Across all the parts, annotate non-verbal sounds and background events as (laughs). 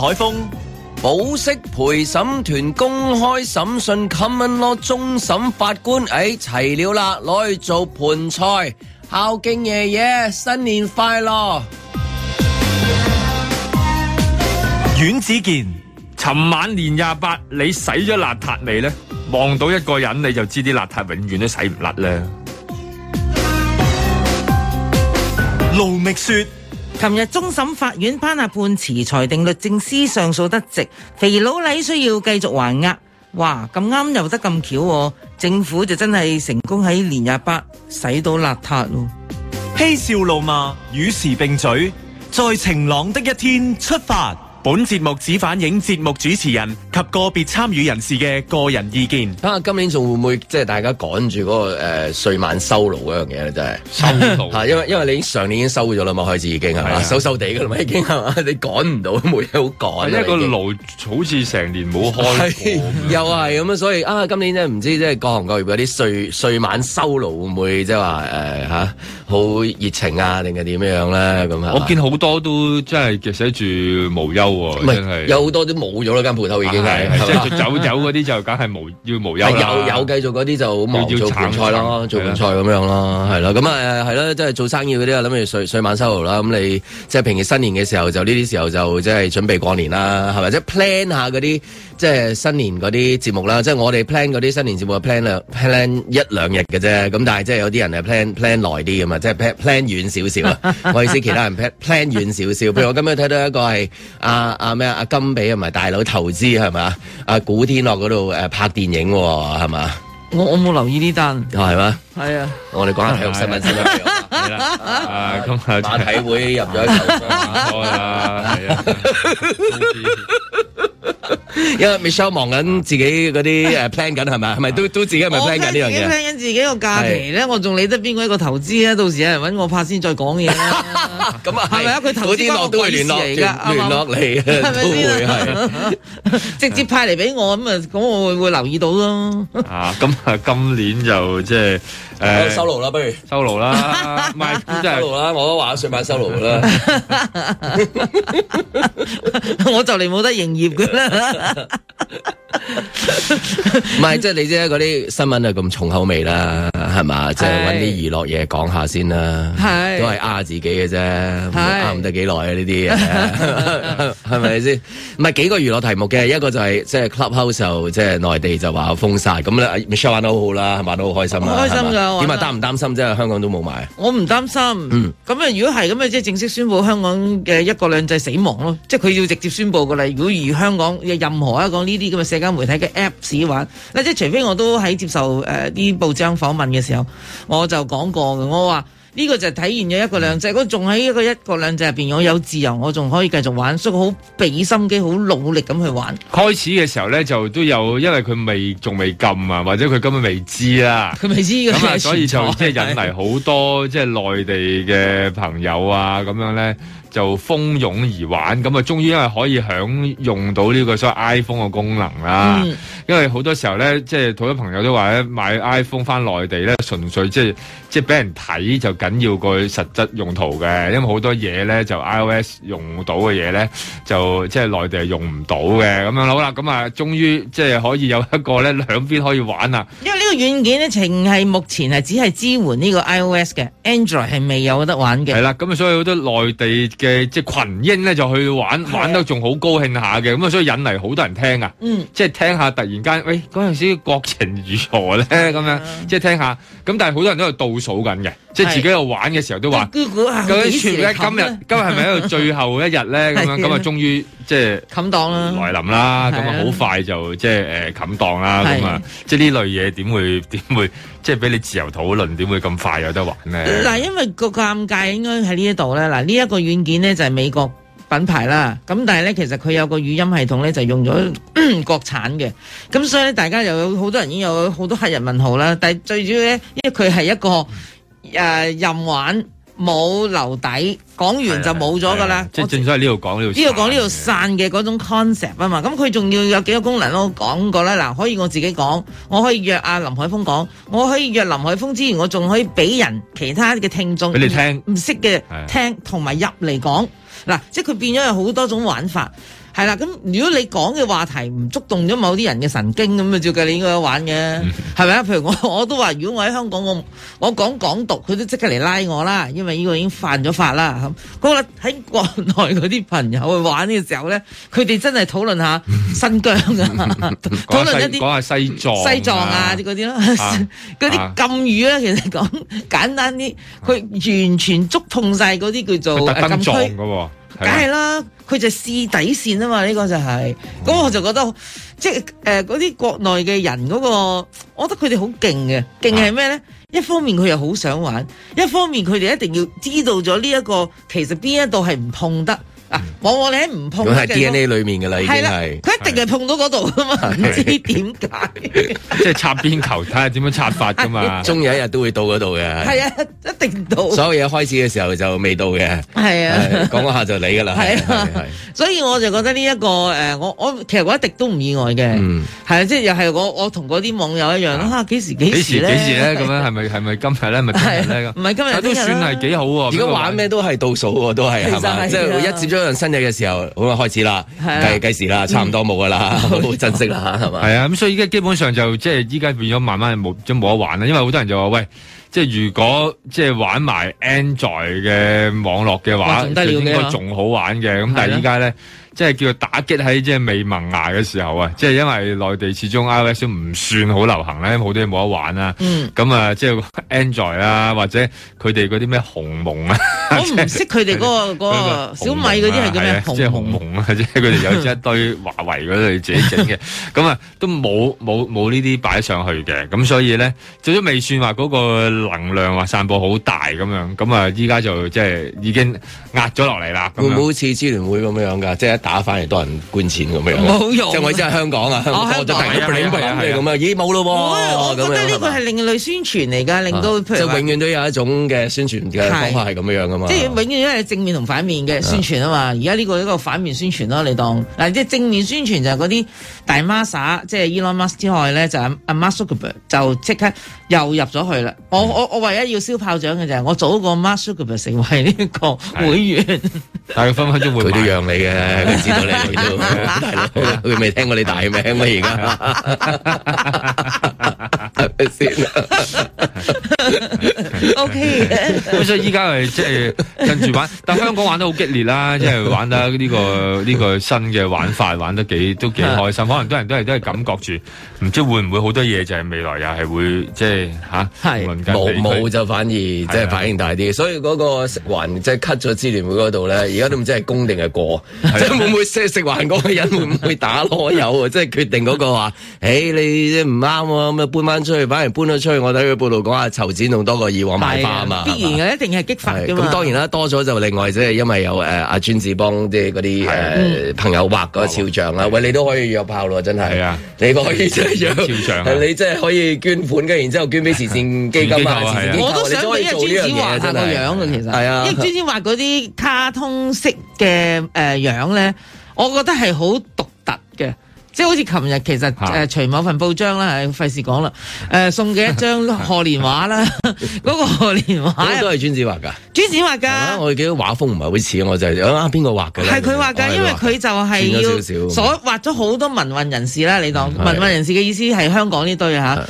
海峰，保釋陪審團公開審訊，common law，終審法官哎齊了啦，攞去做盆菜，孝敬爺爺，新年快樂。阮子健，尋晚年廿八，你洗咗邋遢未呢？望到一個人你就知啲邋遢永遠都洗唔甩咧。盧覓雪。琴日終審法院頒下判詞，裁定律政司上訴得直，肥佬黎需要繼續還押。哇，咁啱又得咁巧喎，政府就真係成功喺年廿八洗到邋遢咯。嬉笑怒罵與時並舉，在晴朗的一天出發。本節目只反映節目主持人及個別參與人士嘅個人意見。啊，今年仲會唔會即係大家趕住嗰個誒歲晚收爐嗰樣嘢咧？真係收爐，係因為因為你上年已經收咗啦嘛，開始已經係收收地㗎啦嘛，已經係嘛，你趕唔到，冇嘢好趕。因為個爐好似成年冇開，又係咁樣！所以啊，今年咧唔知即係各行各業有啲歲歲晚收爐會唔會即係話誒嚇好熱情啊，定係點樣樣咧？咁啊，我見好多都真係寫住無憂喎，有好多都冇咗啦間鋪頭已經。.即係 (laughs) 走走嗰啲就梗係無要無憂，有有繼續嗰啲就做盆菜啦，煞煞做盆菜咁樣啦，係啦，咁啊係啦，即係、就是、做生意嗰啲啊諗住水水收羅啦。咁、嗯、你即係、就是、平時新年嘅時，時候就呢啲時候就即係準備過年啦，係咪？即、就、係、是、plan 下嗰啲即係新年嗰啲節目啦，即、就、係、是、我哋 plan 嗰啲新年節目 plan plan 一兩日嘅啫，咁但係即係有啲人係 plan plan 耐啲咁嘛，即、就、係、是、plan p 遠少少啊，我意思其他人 plan p 遠少少，譬如我今日睇到一個係阿阿咩啊阿金比同埋大佬投資。係嘛？阿、啊、古天樂嗰度誒拍電影喎，係嘛？我我冇留意呢單，係嘛？係啊，我哋講下體育新聞先啦。啊，咁啊，馬體會入咗一首歌啦，係 (laughs) 啊。.因為 Michelle 忙緊自己嗰啲誒 plan 緊係咪？係咪都都自己係咪 plan 緊呢樣嘢？plan 緊自己個假期咧，我仲理得邊個一個投資咧？到時有人搵我拍先再講嘢啦。咁啊，係咪啊？佢投資落都係聯絡嚟噶，聯絡嚟嘅，係咪都會？係直接派嚟俾我咁啊？咁我會唔會留意到咯。啊，咁啊，今年就即係。唉收路啦，不如收路啦，唔係即係收爐啦。我都話咗說收路啦， (laughs) (laughs) 我 (laughs) (laughs) 就嚟冇得營業噶啦。唔係即係你知嗰啲新聞就咁重口味啦，係嘛？即係揾啲娛樂嘢講下先啦， (laughs) 都係呃自己嘅啫，阿唔 (laughs) 得幾耐啊？呢啲嘢係咪先？唔係、 (laughs) (laughs) 嗯、幾個娛樂題目嘅，一個就係、是、即係、就是、Clubhouse，就即係內地就話封晒。咁咧。Michelle 玩得好好啦，玩得好開心啊，開心啊！點啊，擔唔擔心啫？香港都冇買，我唔擔心。嗯，咁啊，如果係咁咪即係正式宣布香港嘅一國兩制死亡咯，即係佢要直接宣布嘅咧。如果而香港有任何一個呢啲咁嘅社交媒體嘅 Apps 死玩，嗱，即係除非我都喺接受誒啲，呃、報章訪問嘅時候，我就講過嘅，我話。呢個就係體現咗一個兩制，我仲喺一個一個兩制入邊，我有自由，我仲可以繼續玩，所以好俾心機，好努力咁去玩。開始嘅時候咧，就都有，因為佢未仲未禁啊，或者佢根本未知啦。佢未知咁樣彩所以就的即係引嚟好多即係內地嘅朋友啊，咁樣咧。就蜂擁而玩，咁啊，終於因為可以享用到呢個所謂 iPhone 嘅功能啦。嗯、因為好多時候咧，即係好多朋友都話咧，買 iPhone 翻內地咧，純粹即係即係俾人睇，就緊要過實質用途嘅。因為好多嘢咧，就 iOS 用到嘅嘢咧，就即係、就是、內地係用唔到嘅。咁樣好啦，咁啊，終於即係可以有一個咧，兩邊可以玩啦。因為呢個軟件咧，淨係目前係只係支援呢個 iOS 嘅，Android 係未有得玩嘅。係啦，咁啊，所以好多內地嘅。誒、呃，即係群英咧就去玩，的玩得仲好高興下嘅，咁啊，所以引嚟好多人聽啊，嗯、即係聽下突然間，喂，嗰陣時國情如何咧？咁樣，即係聽下，咁但係好多人都喺度倒數緊嘅，的即係自己喺度玩嘅時候都話，都究竟算咩？今日今日係咪喺度最後一日咧？咁 (laughs) (laughs) 的樣，咁啊，終於。即係冚檔啦，來臨啦，咁啊好快就即係誒冚檔啦，咁啊，即係呢類嘢點會點會即係俾你自由討論？點會咁快有得玩呢？但係嗱，因為個尷尬應該喺呢一度咧。嗱，呢一個軟件咧就係美國品牌啦，咁但係咧其實佢有個語音系統咧就用咗國產嘅，咁所以咧大家又有好多人已經有好多黑人問號啦。但係最主要咧，因為佢係一個誒、呃、任玩。冇留底，講完就冇咗㗎啦。即係正所謂呢度講呢度，呢度講呢度散嘅嗰種 concept 啊嘛。咁佢仲要有幾個功能咯。我講過啦，嗱，可以我自己講，我可以約阿林海峰講，我可以約林海峰之餘，我仲可以俾人其他嘅聽眾，俾你聽，唔識嘅聽，同埋的入嚟講。嗱，即係佢變咗有好多種玩法。係啦，咁如果你講嘅話題唔觸動咗某啲人嘅神經，咁咪照計你應該玩嘅，係咪啊？譬如我我都話，如果我喺香港，我我講港獨，佢都即刻嚟拉我啦，因為呢個已經犯咗法啦。咁我覺得喺國內嗰啲朋友去玩嘅時候咧，佢哋真係討論下新疆啊， (laughs) 討論一啲講下西藏、西藏啊啲嗰啲咯，嗰啲禁語啦。其實講簡單啲，佢完全觸碰晒嗰啲叫做、啊、禁區。啊梗係啦，佢就試底線啊嘛，呢、這個就係、是，咁 (noise) 我就覺得，即係誒啲國內嘅人、那個，我覺得佢哋好勁嘅。勁係咩咧？ (noise) 一方面佢又好想玩，一方面佢哋一定要知道咗呢一個，其實邊一度係唔碰得。往往你喺唔碰到嘅 DNA 裏面嘅啦，係啦，佢一定係碰到嗰度噶嘛，唔知點解，即係插邊球，睇下點樣插法噶嘛，終有一日都會到嗰度嘅，係啊，一定到。所有嘢開始嘅時候就未到嘅，係啊，講講下就嚟噶啦，係啊，所以我就覺得呢一個誒，我我其實我一滴都唔意外嘅，嗯，係啊，即係又係我我同嗰啲網友一樣啦，吓幾時幾時咧？幾時咧？咁樣係咪係咪今日咧？咪今日咧？唔係今日，都算係幾好。如果玩咩都係倒數喎，都係，係嘛？即係一今日新日嘅時候，好啊，開始啦，計計時啦，差唔多冇噶啦，冇 (laughs) (laughs) 珍惜啦，係嘛？係啊，咁所以依家基本上就即係依家變咗慢慢冇，即冇得玩啦。因為好多人就話喂，即係如果即係玩埋 Android 嘅網絡嘅話，就應該仲好玩嘅。咁但係依家咧。即係叫打擊喺即係未萌芽嘅時候啊！即係因為內地始終 I O S 唔算好流行咧，好多嘢冇得玩啊。咁啊、嗯，即係 Android 啊，或者佢哋嗰啲咩鴻蒙啊，我唔是識佢哋嗰個、嗰個小米嗰啲係叫咩鴻？即係鴻蒙啊，或者佢哋有一堆華為嗰啲自己整嘅，咁啊 (laughs) 都冇冇冇呢啲擺上去嘅，咁所以咧，做咗未算話嗰個能量話散播好大咁樣，咁啊依家就即係已經壓咗落嚟啦。 (laughs) 會唔會好似支聯會咁樣噶？即係打翻嚟多人捐錢咁樣，即係我真係香港啊！我就突然間領報咁啊！咦，冇咯喎！我覺得呢個係另類宣傳嚟㗎，令到即係永遠都有一種嘅宣傳嘅方法係咁樣㗎嘛！即係永遠都係正面同反面嘅宣傳啊嘛！而家呢個一個反面宣傳咯，你當嗱，即係正面宣傳就係嗰啲大孖沙，即係 Elon Musk 之外咧，就阿 Mark Zuckerberg 就即刻又入咗去啦！我我我唯一要燒炮仗嘅就係我做一個 Mark Zuckerberg 成為呢個會員，但係分分鐘會唔會讓你嘅？知道你嚟到，佢未聽過你大名咩？而家。係先啦。OK， (laughs) 咁 (laughs) (laughs) 所以依家係即係跟住玩，但香港玩得好激烈啦，即、就、係、是、玩得呢、這個呢、這個新嘅玩法，玩得幾都幾開心。可能都人都係都係感覺住，唔知會唔會好多嘢就係未來又係會即係吓係冇冇就反而即係反應大啲。所以嗰、那個食環即係 cut 咗支聯會嗰度咧，而家都唔知係功定係過，即係會唔會即係食環嗰個人會唔會打囉柚啊？即係、 (laughs) 就是、決定嗰、那個話，誒、hey, 你唔啱啊，咁啊搬返出去。反而搬咗出去，我睇佢報道，講阿籌錢仲多過以往買花啊嘛，必然嘅一定係激發。咁當然啦，多咗就另外，即係因為有誒阿專志幫啲嗰啲誒朋友畫嗰個肖像啦，喂，你都可以約炮咯，真係。啊，你可以真係約肖像，你真係可以捐款嘅，然之後捐俾慈善基金啊。我都想俾阿專志畫下個樣啊，其實。係啊，因為專志畫嗰啲卡通式嘅誒樣咧，我覺得係好毒。即係好似琴日其實誒除、呃、某份報章啦，誒費事講啦，誒、呃、送嘅一張賀年畫啦，嗰 (laughs) (laughs) 個賀年畫都係尊子畫㗎，尊子畫㗎、啊，我記得畫風唔係好似，我就係、是、啊邊個畫嘅？係佢畫㗎，畫因為佢就係要所畫咗好多民運人士啦，你當的你民運人士嘅意思係香港呢堆嚇。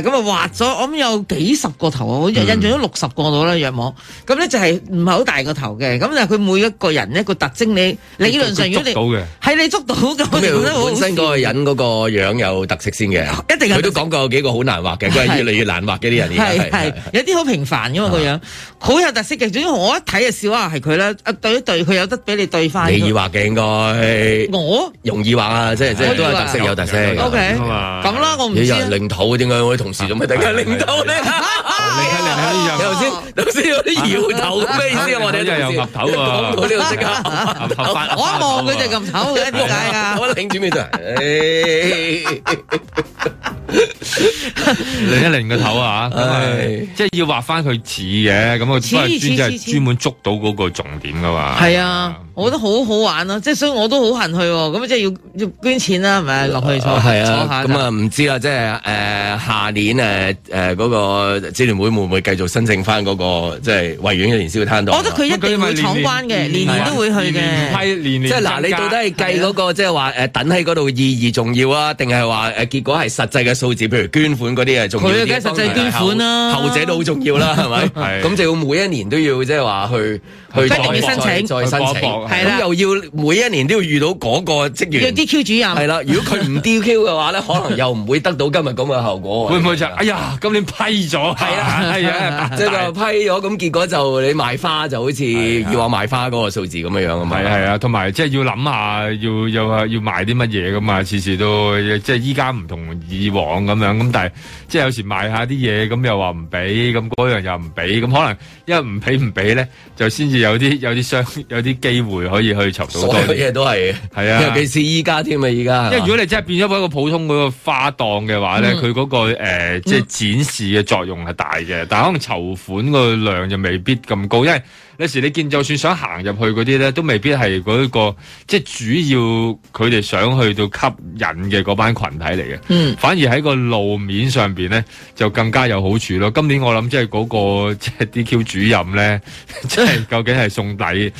誒咁啊畫咗，我諗有幾十個頭，我好似印象咗六十個度啦，若望。咁咧就係唔係好大個頭嘅，咁但係佢每一個人一個特徵，你理論上如果你係你捉到嘅，咁咪本身嗰個人嗰個樣有特色先嘅，一定佢都講過幾個好難畫嘅，佢係越嚟越難畫嘅啲人。係係有啲好平凡嘅嘛個樣，好有特色嘅。總之我一睇就笑啊，係佢啦。啊對一對，佢有得俾你對翻。你易畫嘅應該我容易畫啊，即係即係都有特色有特色。O K，咁啦，我唔知。你人領土點解會？同事仲咪大家領頭咧，林一玲，你頭先頭先嗰啲搖頭咩意思？我哋真係有岌頭啊。我冇呢個識㗎，額頭我一望佢隻額頭嘅點解啊？我擰轉面就，擰一擰個頭啊，即係要畫翻佢似嘅，咁啊專即係專門捉到嗰個重點嘅嘛。係啊，我覺得好好玩咯，即係所以我都好恨去，咁啊即係要要捐錢啦，係咪落去坐？係啊，咁啊唔知啦，即係誒行。年誒、誒嗰個支聯會會唔會繼續申請翻嗰個即係維園嘅年宵攤檔？我覺得佢一定會闖關嘅，年年都會去嘅，係年年。即係嗱，你到底係計嗰個即係話誒等喺嗰度意義重要啊，定係話誒結果係實際嘅數字，譬如捐款嗰啲係重要啲，實際捐款嘅後者都好重要啦，係咪？咁就要每一年都要即係話去去一定要申請再申請，係咁又要每一年都要遇到嗰個職員 DQ 主任係啦。如果佢唔 DQ 嘅話咧，可能又唔會得到今日咁嘅效果。會唔會就？哎呀，今年批咗，係啊，係 (laughs) 啊，即係 (laughs) 批咗，咁結果就你賣花就好似要話賣花嗰個數字咁樣樣啊？係係吧啊，同埋即係要諗下，要又係要，要賣啲乜嘢噶嘛？次次都即係依家唔同以往咁樣。咁但係即係有時賣下啲嘢，咁又話唔俾，咁嗰樣又唔俾，咁可能因為唔俾唔俾咧，就先至有啲有啲商有啲機會可以去尋到嘢都係，係啊，尤其是依家添啊，依家。因為如果你真係變咗一個普通嗰個花檔嘅話咧，佢嗰、嗯嗰個。誒、呃，即係展示嘅作用係大嘅，但係可能籌款個量就未必咁高，因為。有時你見就算想行入去嗰啲咧，都未必係嗰一個即係主要佢哋想去到吸引嘅嗰班群體嚟嘅。嗯，反而喺個路面上邊咧，就更加有好處咯。今年我諗即係嗰個即係、就是、DQ 主任咧，即係究竟係送禮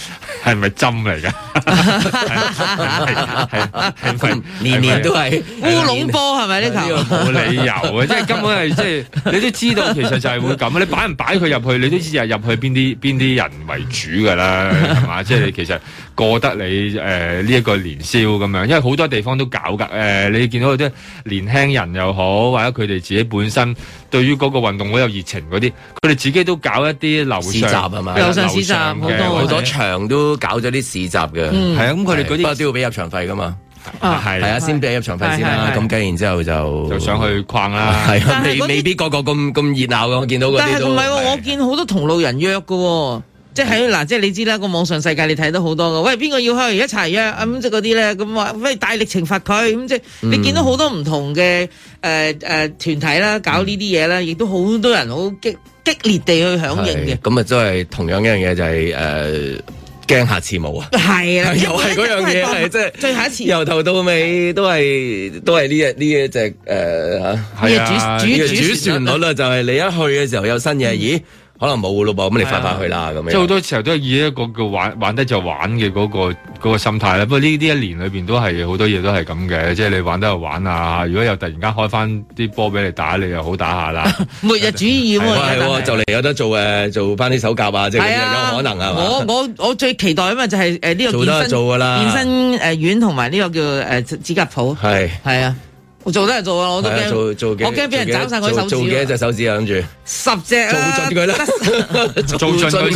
係咪針嚟㗎？係係係係，係咪年年都係烏龍波係咪呢？球冇、呢個、理由啊，即係根本係即係你都知道，其實就係會咁。你擺唔擺佢入去，你都知係入去邊啲邊啲人。為主噶啦，係嘛？即係你其實過得你誒呢一個年宵咁樣，因為好多地方都搞噶誒，你見到啲年輕人又好，或者佢哋自己本身對於嗰個運動會有熱情嗰啲，佢哋自己都搞一啲樓上市集啊嘛，市集好多場都搞咗啲市集嘅，係啊，咁佢哋嗰啲都要俾入場費噶嘛，啊，係係啊，先俾入場費先啦，咁跟然之後就就想去逛啦，未未必個個咁咁熱鬧，我見到嗰啲，但唔係，我見好多同路人約嘅。即係嗱，即係你知啦，個網上世界你睇到好多㗎。喂，邊個要去一齊啊？咁即嗰啲咧，咁話喂大力懲罰佢咁即係。你見到好多唔同嘅誒誒團體啦，搞呢啲嘢啦，亦都好多人好激激烈地去響應嘅。咁啊，真係同樣一樣嘢就係誒驚下次冇啊。係啊，又係嗰樣嘢即係最後一次。由頭到尾都係都係呢一呢一隻誒係啊，主主旋律啦，就係你一去嘅時候有新嘢，咦？可能冇噶咯噃，咁、啊、你翻返去啦咁樣。即係好多時候都係以一個叫玩玩得就玩嘅嗰、嗰個、嗰個心態啦。不過呢呢一年裏邊都係好多嘢都係咁嘅，即係你玩得就玩啊。如果又突然間開翻啲波俾你打，你又好打下啦。末 (laughs) 日主義喎，就嚟有得做誒，做翻啲手甲啊，即、就、係、是啊、有可能係我我我最期待啊嘛，就係誒呢個。做啦，做噶啦。健身誒院同埋呢個叫誒指甲鋪。係係啊。我做得係做啊，我都驚，做我驚俾人斬晒佢手指。做幾隻手指啊，諗住？十隻。做盡佢啦，做盡佢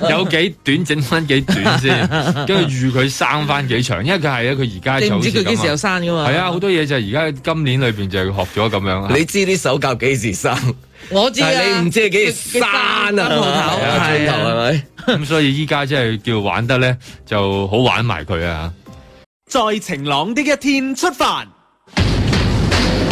先，有幾短整翻幾短先，跟住預佢生翻幾長，因為佢係啊，佢而家就唔知佢幾時有生噶嘛。係啊，好多嘢就係而家今年裏邊就係學咗咁樣。你知啲手教幾時生？我知你唔知幾時生啊？係咪？咁所以依家即係叫玩得咧，就好玩埋佢啊！在晴朗的一天出發。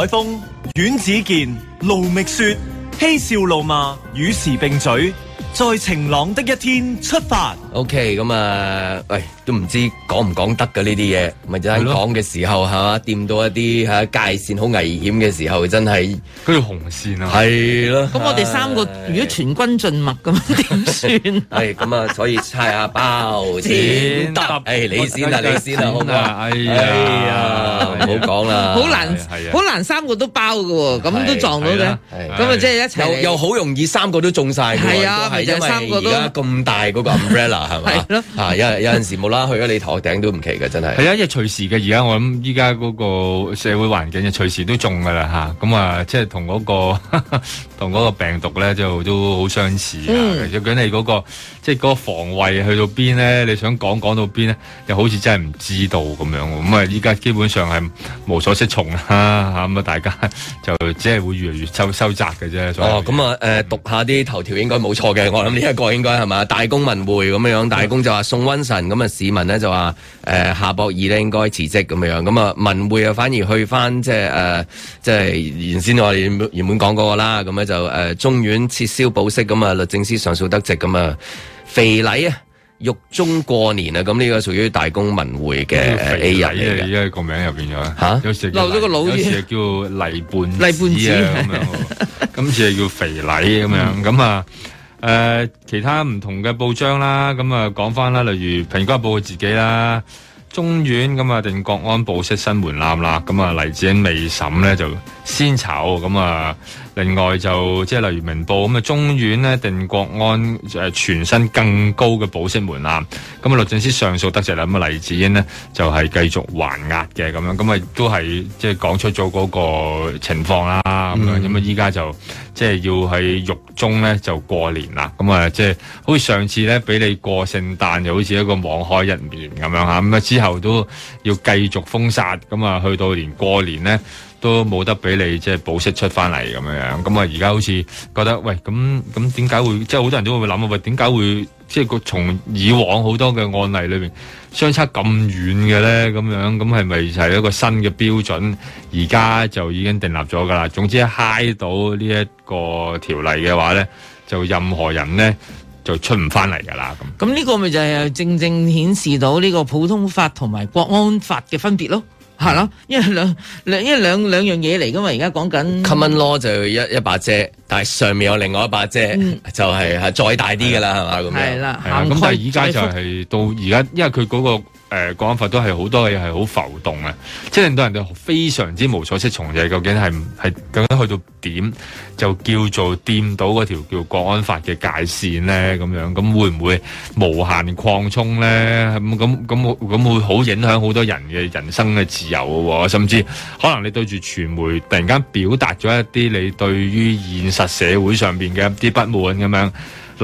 海風、阮子健、盧覓雪、嬉笑怒罵、與時並舉，在晴朗的一天出發。OK，咁啊，喂，都唔知講唔講得嘅呢啲嘢，咪就係講嘅時候吓，掂到一啲吓界線好危險嘅時候，真係嗰條紅線啊，係咯。咁我哋三個如果全軍盡墨咁點算？係咁啊，所以猜下包先得。誒，你先啊，你先啊，好嘛？哎呀，唔好講啦。好難，好難，三個都包嘅，咁都撞到嘅。咁啊，即係一齊又又好容易，三個都中晒嘅。係啊，係就三個都咁大嗰個。係咯，啊有有陣時冇啦去咗你頭頂，都唔奇嘅。真係係啊，因為隨時嘅。而家我諗依家嗰個社會環境，就隨時都中噶啦吓。咁啊，即係同嗰個同個病毒咧，就都好相似啊。究竟、嗯、你嗰、嗰個即係嗰個防衛去到邊咧？你想講講到邊咧？又好似真係唔知道咁樣。咁啊，依家基本上係無所適從啦吓。咁啊，大家就即係會越嚟越收，收窄嘅啫。咁啊，誒、呃，讀下啲頭條應該冇錯嘅。我諗呢一個應該係咪大公文匯咁兩大公就話送瘟神咁，啊，市民呢就話誒、呃、夏博爾咧應該辭職咁樣，咁啊，文匯啊，反而去翻即係誒即係原先我哋原本講嗰個啦，咁咧就誒、呃、終院撤銷保釋咁啊，律政司上訴得直咁啊，肥黎啊獄中過年啊，咁呢個屬於大公文匯嘅藝人啊，依家個名又變咗吓，有時漏咗個老，叫、啊、黎半子，子啊，咁樣，今次係叫肥黎咁樣，咁啊、嗯。嗯嗯誒、呃、其他唔同嘅報章啦，咁啊講翻啦，例如《蘋果報》自己啦，中院咁啊、嗯、定國安部式新門檻啦，咁啊黎智英未審咧就先炒咁啊。嗯嗯另外就即係例如明報咁啊，中院咧定國安，誒，全新更高嘅保釋門檻。咁啊，律政司上訴得直啦。咁黎智英呢就係繼續還押嘅，咁樣咁啊，都係即係講出咗嗰個情況啦。咁樣咁啊，依家就即係要喺獄中咧就過年啦。咁啊，即係好似上次咧俾你過聖誕，就好似一個網開一面咁樣吓。咁啊，之後都要繼續封殺。咁啊，去到年過年咧。都冇得俾你即係保釋出翻嚟咁樣樣，咁我而家好似覺得喂，咁咁點解會即係好多人都會諗啊？喂，點解會即係個從以往好多嘅案例裏邊相差咁遠嘅咧？咁樣咁係咪就係一個新嘅標準？而家就已經訂立咗噶啦。總之一嗨到呢一個條例嘅話咧，就任何人咧就出唔翻嚟噶啦。咁咁呢個咪就係正正顯示到呢個普通法同埋國安法嘅分別咯。係咯、嗯，因為兩兩因為兩兩樣嘢嚟㗎嘛，而家講緊 Common law 就一一把遮，但係上面有另外一把遮，嗯、就係再大啲㗎啦，係嘛，咁樣。係啦，咁但係而家就係到而家，方因為佢嗰、嗰個。誒、呃，國安法都係好多嘢係好浮動嘅，即係令到人哋非常之無所適從。就係、係、究竟係係究竟去到點就叫做掂到嗰條叫國安法嘅界線咧？咁樣咁會唔會無限擴充咧？咁咁咁咁會好影響好多人嘅人生嘅自由喎、啊？甚至可能你對住傳媒突然間表達咗一啲你對於現實社會上邊嘅一啲不滿咁樣。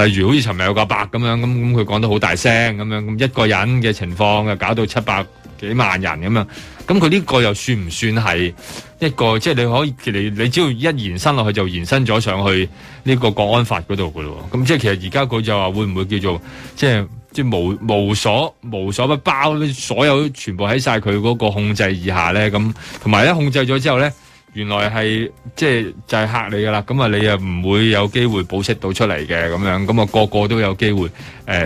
例如好似尋日有個伯咁樣，咁咁佢講得好大聲咁樣，咁一個人嘅情況又，搞到七百幾萬人咁樣，咁佢呢個又算唔算係一個？即係你可以其實你只要一延伸落去，就延伸咗上去呢個國安法嗰度㗎咯。咁、嗯、即係其實而家佢就話會唔會叫做即係即係無無所無所不包，所有全部喺晒佢嗰個控制以下咧。咁同埋咧控制咗之後咧。原來係即係就係、是、嚇你㗎啦，咁啊你又唔會有機會保釋到出嚟嘅咁樣，咁、那、啊個個都有機會誒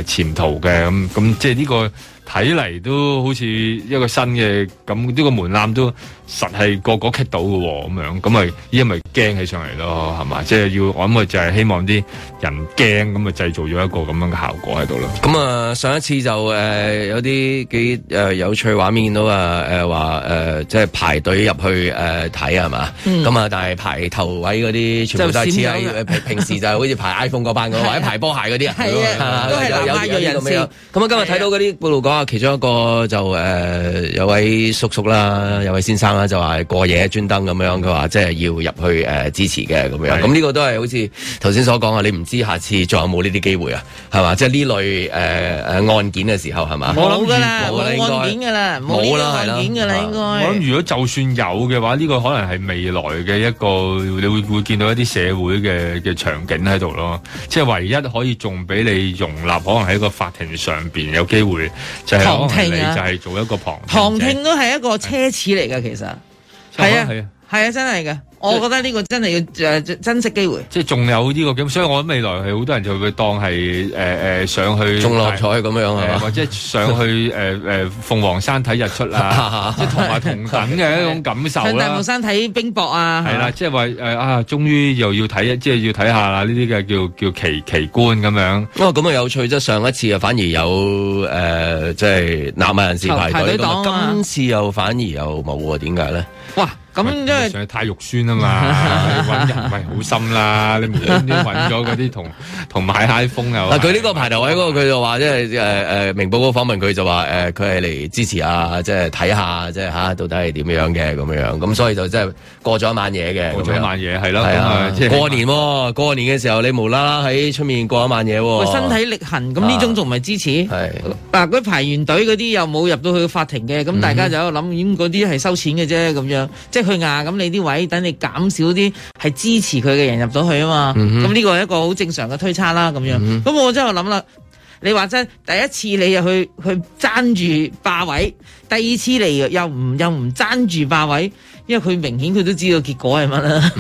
潛、呃、逃嘅，咁咁即係呢個。睇嚟都好似一個新嘅咁，呢個門檻都實係個個棘到嘅喎，咁樣咁咪因為驚起上嚟咯，係嘛？即係要我諗咪就係希望啲人驚，咁咪製造咗一個咁樣嘅效果喺度咯。咁啊，上一次就誒有啲幾誒有趣畫面，見到啊誒話誒，即係排隊入去誒睇係嘛？咁啊，但係排頭位啲全部都係似平時就係好似排 iPhone 嗰班咁，或者排波鞋啲啊咁樣，有錢人士。咁啊，今日睇到嗰啲布其中一個就誒、呃、有位叔叔啦，有位先生啦，就話過夜專登咁樣，佢話即係要入去誒、呃、支持嘅咁樣。咁呢個都係好似頭先所講啊，你唔知下次仲有冇呢啲機會啊？係嘛，即係呢類誒誒、呃、案件嘅時候係嘛？冇啦，冇案件㗎啦，冇啦，係啦，冇案件㗎啦。應該，應該，應該，應該我諗，如果就算有嘅話，呢、這個可能係未來嘅一個，你會會見到一啲社會嘅嘅場景喺度咯。即、就、係、是、唯一可以仲俾你容納，可能喺個法庭上邊有機會。旁聽啊，就係做一個旁聽。旁聽都係一個奢侈嚟嘅，其實係啊，係啊，係啊，真係嘅。我覺得呢個真係要珍惜機會，即係仲有呢個咁，所以我諗未來係好多人就會當係誒誒上去中六合彩咁樣啊，呃、或者上去誒誒鳳凰山睇日出啦、啊，即同埋同等嘅一種感受啦、啊。上大帽山睇冰雹啊，係啦、啊，即係話誒啊，終於又要睇，即係要睇下啦呢啲嘅叫叫奇奇觀咁樣。哇、哦，咁啊有趣即上一次啊反而有誒，即、呃、係、就是、南亞人士排隊，咁今、啊、次又反而又冇啊？點解咧？哇！咁即係太肉酸啊嘛！你揾人唔係好心啦，你唔你揾咗嗰啲同同買 iPhone 啊，佢呢個排頭位嗰個佢就話，即係誒誒明報嗰個訪問，佢就話誒佢係嚟支持啊，即係睇下即係嚇到底係點樣嘅咁樣，咁所以就即係過咗一晚嘢嘅過咗一晚嘢，係咯，係啊，過年喎，過年嘅時候你無啦啦喺出面過一晚嘢喎。身體力行咁呢種仲唔係支持？嗱，嗰啲排完隊嗰啲又冇入到去法庭嘅，咁大家就喺度諗，咁嗰啲係收錢嘅啫咁樣，即咁，你啲位等你減少啲係支持佢嘅人入到去啊嘛，咁呢個係一個好正常嘅推測啦，咁樣。咁我真係諗啦，你話真第一次你又去去爭住霸位，第二次嚟又唔又唔爭住霸位。因為佢明顯，佢都知道結果係乜啦。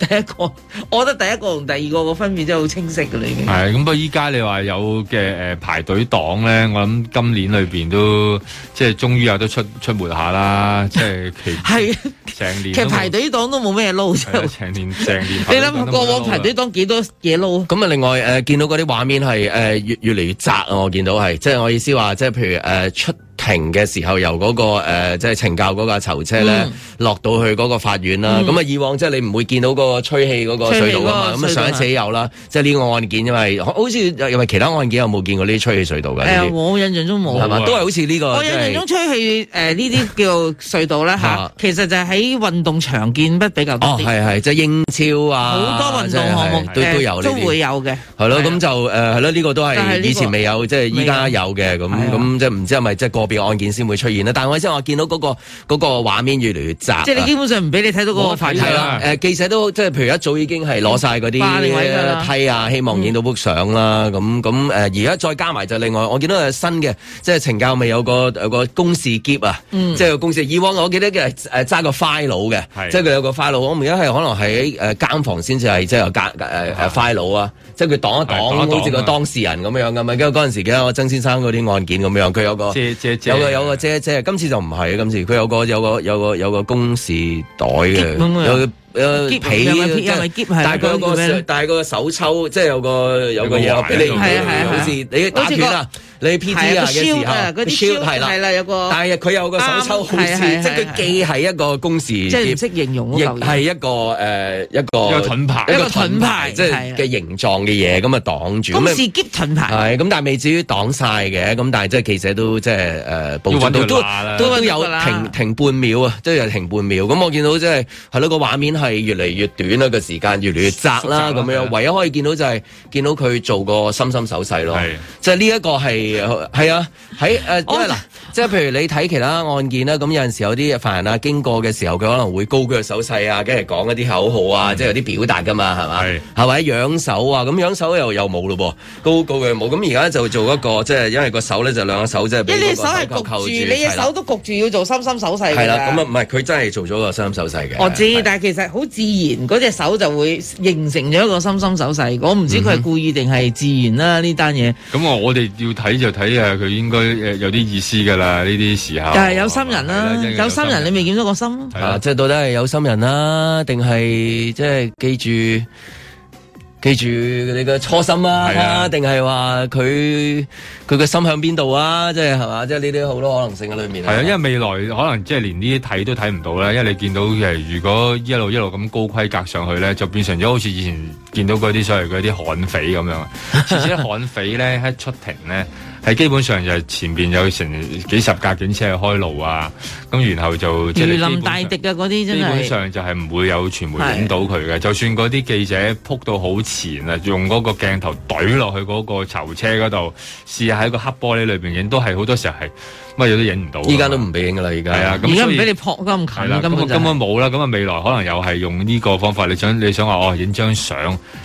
第一個，我覺得第一個同第二個個分別真係好清晰噶啦。已經係咁，不過依家你話有嘅誒排隊黨咧，我諗今年裏邊都即係終於有得出出門下啦，即係其係成年其實排隊黨都冇咩撈啫。成年成年你諗過往排隊黨幾多嘢撈？咁啊，另外誒見、呃、到嗰啲畫面係誒、呃、越越嚟越窄啊！我見到係，即係我意思話，即係譬如誒、呃、出。停嘅時候，由嗰個即係懲教嗰架囚車咧，落到去嗰個法院啦。咁啊，以往即係你唔會見到嗰個吹氣嗰個隧道噶嘛。咁上一次有啦，即係呢個案件因為好似因為其他案件有冇見過呢啲吹氣隧道嘅？誒，我印象中冇。係嘛，都係好似呢個。我印象中吹氣誒呢啲叫隧道咧嚇，其實就喺運動場見得比較多啲。係係，即係英超啊，好多運動項目都誒都會有嘅。係咯，咁就誒係咯，呢個都係以前未有，即係依家有嘅咁咁，即係唔知係咪即係個別。案件先會出現啦，但係我先我見到嗰、那個嗰、那個，畫面越嚟越窄，即係你基本上唔俾你睇到嗰個快體啦。誒、啊啊，記者都即係譬如一早已經係攞晒嗰啲梯啊，希望影到幅相啦。咁咁誒，而家再加埋就另外，我見到係新嘅，即係懲教咪有個有個公事夾啊，嗯、即係公事。以往我記得嘅係揸個 file 嘅的、呃，即係佢有個 file。我而家係可能喺誒監房先至係即係誒 file 啊。啊啊啊啊啊啊啊啊即係佢擋一擋，好似個當事人咁樣噶嘛。跟住嗰陣時記得曾先生嗰啲案件咁樣，佢有，有個有個有個遮遮。今次就唔係，今次佢有個有個有個有個公事袋嘅。誒，皮係，但係個個，但係個手抽，即係有個有個嘢俾你，好似你打斷啦，你劈係啦係啦，有個，但係佢有個手抽，好似即係佢既係一個公示，即係唔識形容，係一個誒一個盾牌，一個盾牌，即係嘅形狀嘅嘢，咁啊擋住公示盾牌，咁，但係未至於擋晒嘅，咁但係即係記者都即係誒報都有停停半秒啊，都有停半秒，咁我見到即係係咯個畫面。係越嚟越短啦個時間，越嚟越窄啦咁樣。唯一可以見到就係見到佢做個心心手勢咯。即係呢一個係係啊喺誒，因為嗱，即係譬如你睇其他案件啦，咁有陣時有啲犯人啊經過嘅時候，佢可能會高佢個手勢啊，跟住講一啲口號啊，即係有啲表達噶嘛，係嘛？係咪？揚手啊，咁揚手又又冇咯喎，高高又冇。咁而家就做一個即係因為個手咧就兩個手即係。你手係焗住，你嘅手都焗住要做心心手勢。係啦，咁啊唔係佢真係做咗個心心手勢嘅。我知，但係其實。好自然，嗰隻手就會形成咗一個心心手勢。我唔知佢係故意定係自然啦。呢單嘢咁我我哋要睇就睇下，佢應該誒有啲意思㗎喇。呢啲時候但係有心人啦，有心人，有心人你未見到個心，係啊，即係、啊、到底係有心人啦，定係即係記住。記住你哋嘅初心啊，定係話佢佢嘅心向邊度啊？即係係嘛？即係呢啲好多可能性喺裏面。係啊，吧因為未來可能即係連呢啲睇都睇唔到咧，因為你見到誒，如果一路一路咁高規格上去咧，就變成咗好似以前見到嗰啲所謂嗰啲悍匪咁樣。似啲悍匪咧喺 (laughs) 出庭咧。係基本上就前邊有成幾十架警車開路啊，咁然後就如臨大敵啊，嗰啲真係基本上就係唔會有傳媒影到佢嘅。是就算嗰啲記者撲到好前啊，用嗰個鏡頭懟落去嗰個囚車嗰度，試下喺個黑玻璃裏邊影，都係好多時候係。乜嘢都影唔到，依家都唔俾影噶啦，而家，而家唔俾你撲咁近，根本根本冇啦。咁啊，未來可能又係用呢個方法，你想你想話哦，影張相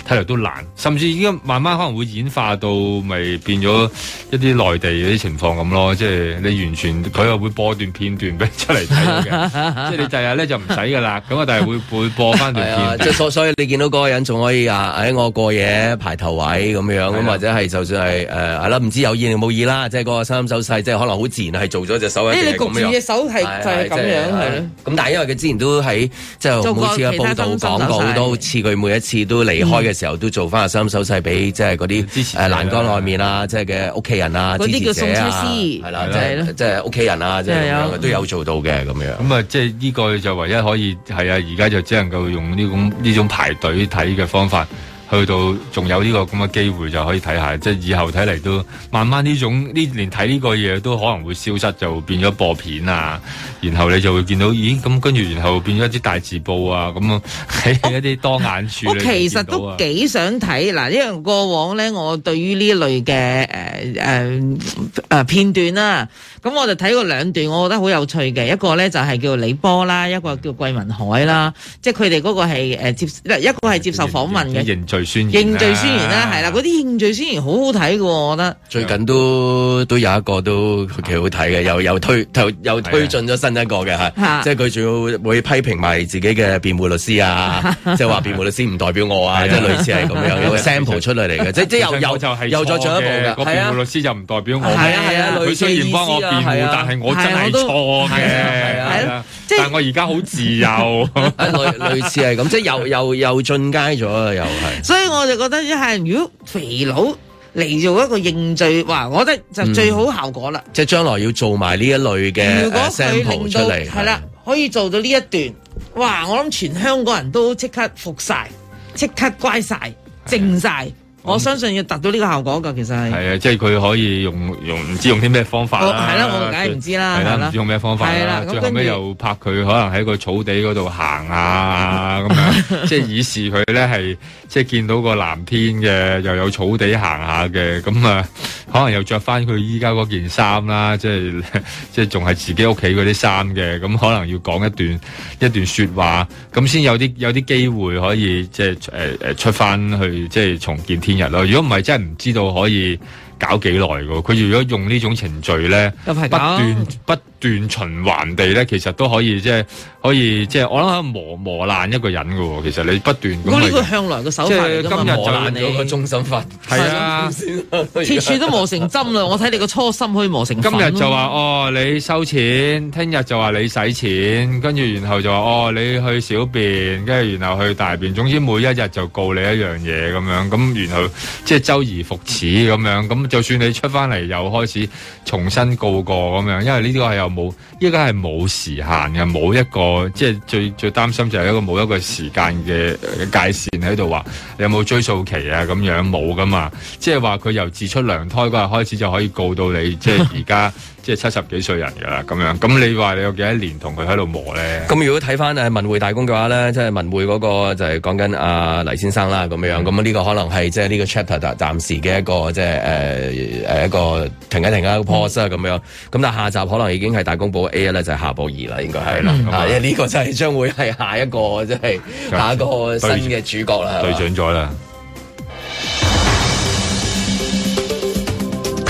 睇嚟都難，甚至已經慢慢可能會演化到咪變咗一啲內地嗰啲情況咁咯。即係你完全佢又會播段片段俾出嚟睇嘅， (laughs) 即係你第日咧就唔使噶啦。咁啊，但係會會播翻段片，即係所所以你見到嗰個人仲可以啊，喺、哎、我過夜、排頭位咁樣，啊、或者係就算係誒係啦，唔知有意定冇意啦，即係個心手勢，即係可能好自然。係做咗隻手，哎，你焗住隻手係就係咁樣係咯。咁但係因為佢之前都喺即係每次嘅報道講過好多次，佢每一次都離開嘅時候都做翻個三手勢俾即係嗰啲誒欄杆外面啊，即係嘅屋企人啊，記者啊，係啦，即係即係屋企人啊，即係都有做到嘅咁樣。咁啊，即係呢個就唯一可以係啊，而家就只能夠用呢種呢種排隊睇嘅方法，去到仲有呢、這個咁嘅機會就可以睇下。即係，以後睇嚟，都慢慢呢種呢連睇呢個嘢，都可能會消失，就變咗播片啊。然後你就會見到，咦咁跟住，然後變咗一啲大字報啊咁樣，喺一啲當眼處、哦，我其實、啊、都幾想睇嗱，因為，過往咧，我對於呢一類嘅誒誒誒片段啦，咁我就睇過兩段，我覺得好有趣嘅。一個咧就係叫李波啦，一個叫桂文海啦，即係佢哋嗰個係誒接一個係接受訪問嘅認罪認罪宣言啦，係啦，嗰啲認罪宣言好好睇噶，我覺得。最近都都有一個都幾好睇嘅，又又推又推進咗新一個嘅，即係佢仲要會批評埋自己嘅辯護律師啊，即係話辯護律師唔代表我啊，即係類似係咁樣，有個 sample 出嚟嚟嘅，即即又又再進一步嘅，個辯護律師就唔代表我，係啊係啊，佢雖然幫我辯護，但係我真係錯嘅。但我而家好自由 (laughs) 類，類類似係咁，即係又又又進階咗啦，又係。又又所以我就覺得，一係如果肥佬嚟做一個認罪，哇，我覺得就最好效果啦，嗯。即係將來要做埋呢一類嘅 sample 出嚟來，係啦，可以做到呢一段，哇！我諗全香港人都即刻服晒，即刻乖晒，靜晒。我相信要達到呢個效果噶，其實係。係啊，即係佢可以用用唔知用啲咩方法啦。係啦，的我梗係唔知啦。係啦的，唔的知用咩方法係啦，咁後尾又拍佢，可能喺個草地嗰度行下咁 (laughs) 即係以示佢咧，係即係見到個藍天嘅，又有草地行下嘅，咁啊可能又着翻佢依家嗰件衫啦，即係即係仲係自己屋企嗰啲衫嘅，咁可能要講一段一段說話，咁先有啲有啲機會可以即係誒誒出翻去，即係重建天。如果唔係真係唔知道可以搞幾耐嘅。佢如果用呢種程序咧，不斷。不。斷循環地咧，其實都可以即係可以即係、就是、我諗喺磨磨爛一個人嘅。其實你不斷，如果呢個向來嘅手法，今日就磨爛咗個中心法。係你啊，鐵在柱都磨成針啦。我睇你個初心可以磨成針。今日就話哦，你收錢，聽日就話你使錢，跟住然後就話哦，你去小便，跟住然後去大便。總之每一日就告你一樣嘢咁樣，咁然後即係周而復始咁樣。咁就算你出翻嚟又開始重新告過咁樣，因為呢個係有。冇，依家係冇時限嘅。冇一個即係最最擔心就係一個冇一個時間嘅界線喺度話你有冇追訴期啊，咁樣冇㗎嘛，即係話佢由自出娘胎嗰日開始就可以告到你，即係而家。 (laughs) 即係七十幾歲人噶啦，咁樣咁你話你有幾多年同佢喺度磨咧？咁如果睇翻啊文匯大公嘅話咧，即係文匯嗰個就係講緊阿黎先生啦，咁樣咁呢、嗯、個可能係即係呢個 chapter 暫暫時嘅一個即係誒誒一個停一停啊 pause 咁樣。咁但下集可能已經係大公報 A 一咧，就係夏博義啦，應該係啦。的嗯、啊、呢、就是、個就係將會係下一個即係、就是、下一個新嘅主角啦，對準咗啦。吧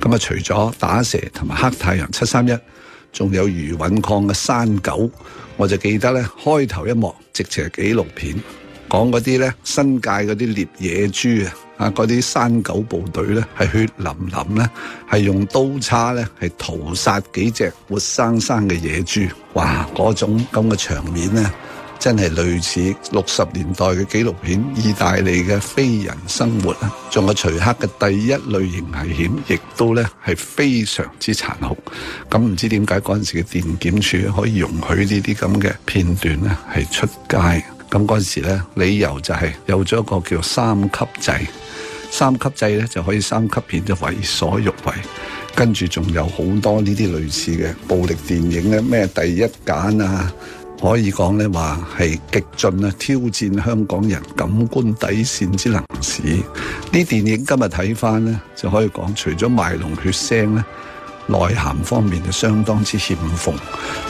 咁啊，除咗打蛇同埋黑太陽七三一，仲有余允抗嘅山狗，我就記得咧開頭一幕，直情係紀錄片，講嗰啲咧新界嗰啲獵野豬啊，啊嗰啲山狗部隊咧係血淋淋咧，係用刀叉咧係屠殺幾隻活生生嘅野豬，哇，嗰種咁嘅場面咧～真係類似六十年代嘅紀錄片《意大利嘅非人生活》啊，仲有徐克嘅第一類型危險，亦都咧係非常之殘酷。咁、嗯、唔知點解嗰陣時嘅電檢處可以容許呢啲咁嘅片段咧係出街？咁嗰陣時咧，理由就係有咗一個叫三級制，三級制咧就可以三級片就為所欲為，跟住仲有好多呢啲類似嘅暴力電影咧，咩第一揀啊～可以講咧話係極盡咧挑戰香港人感官底線之能事。呢啲電影今日睇翻咧，就可以講除咗賣弄血腥咧，內涵方面就相當之欠奉。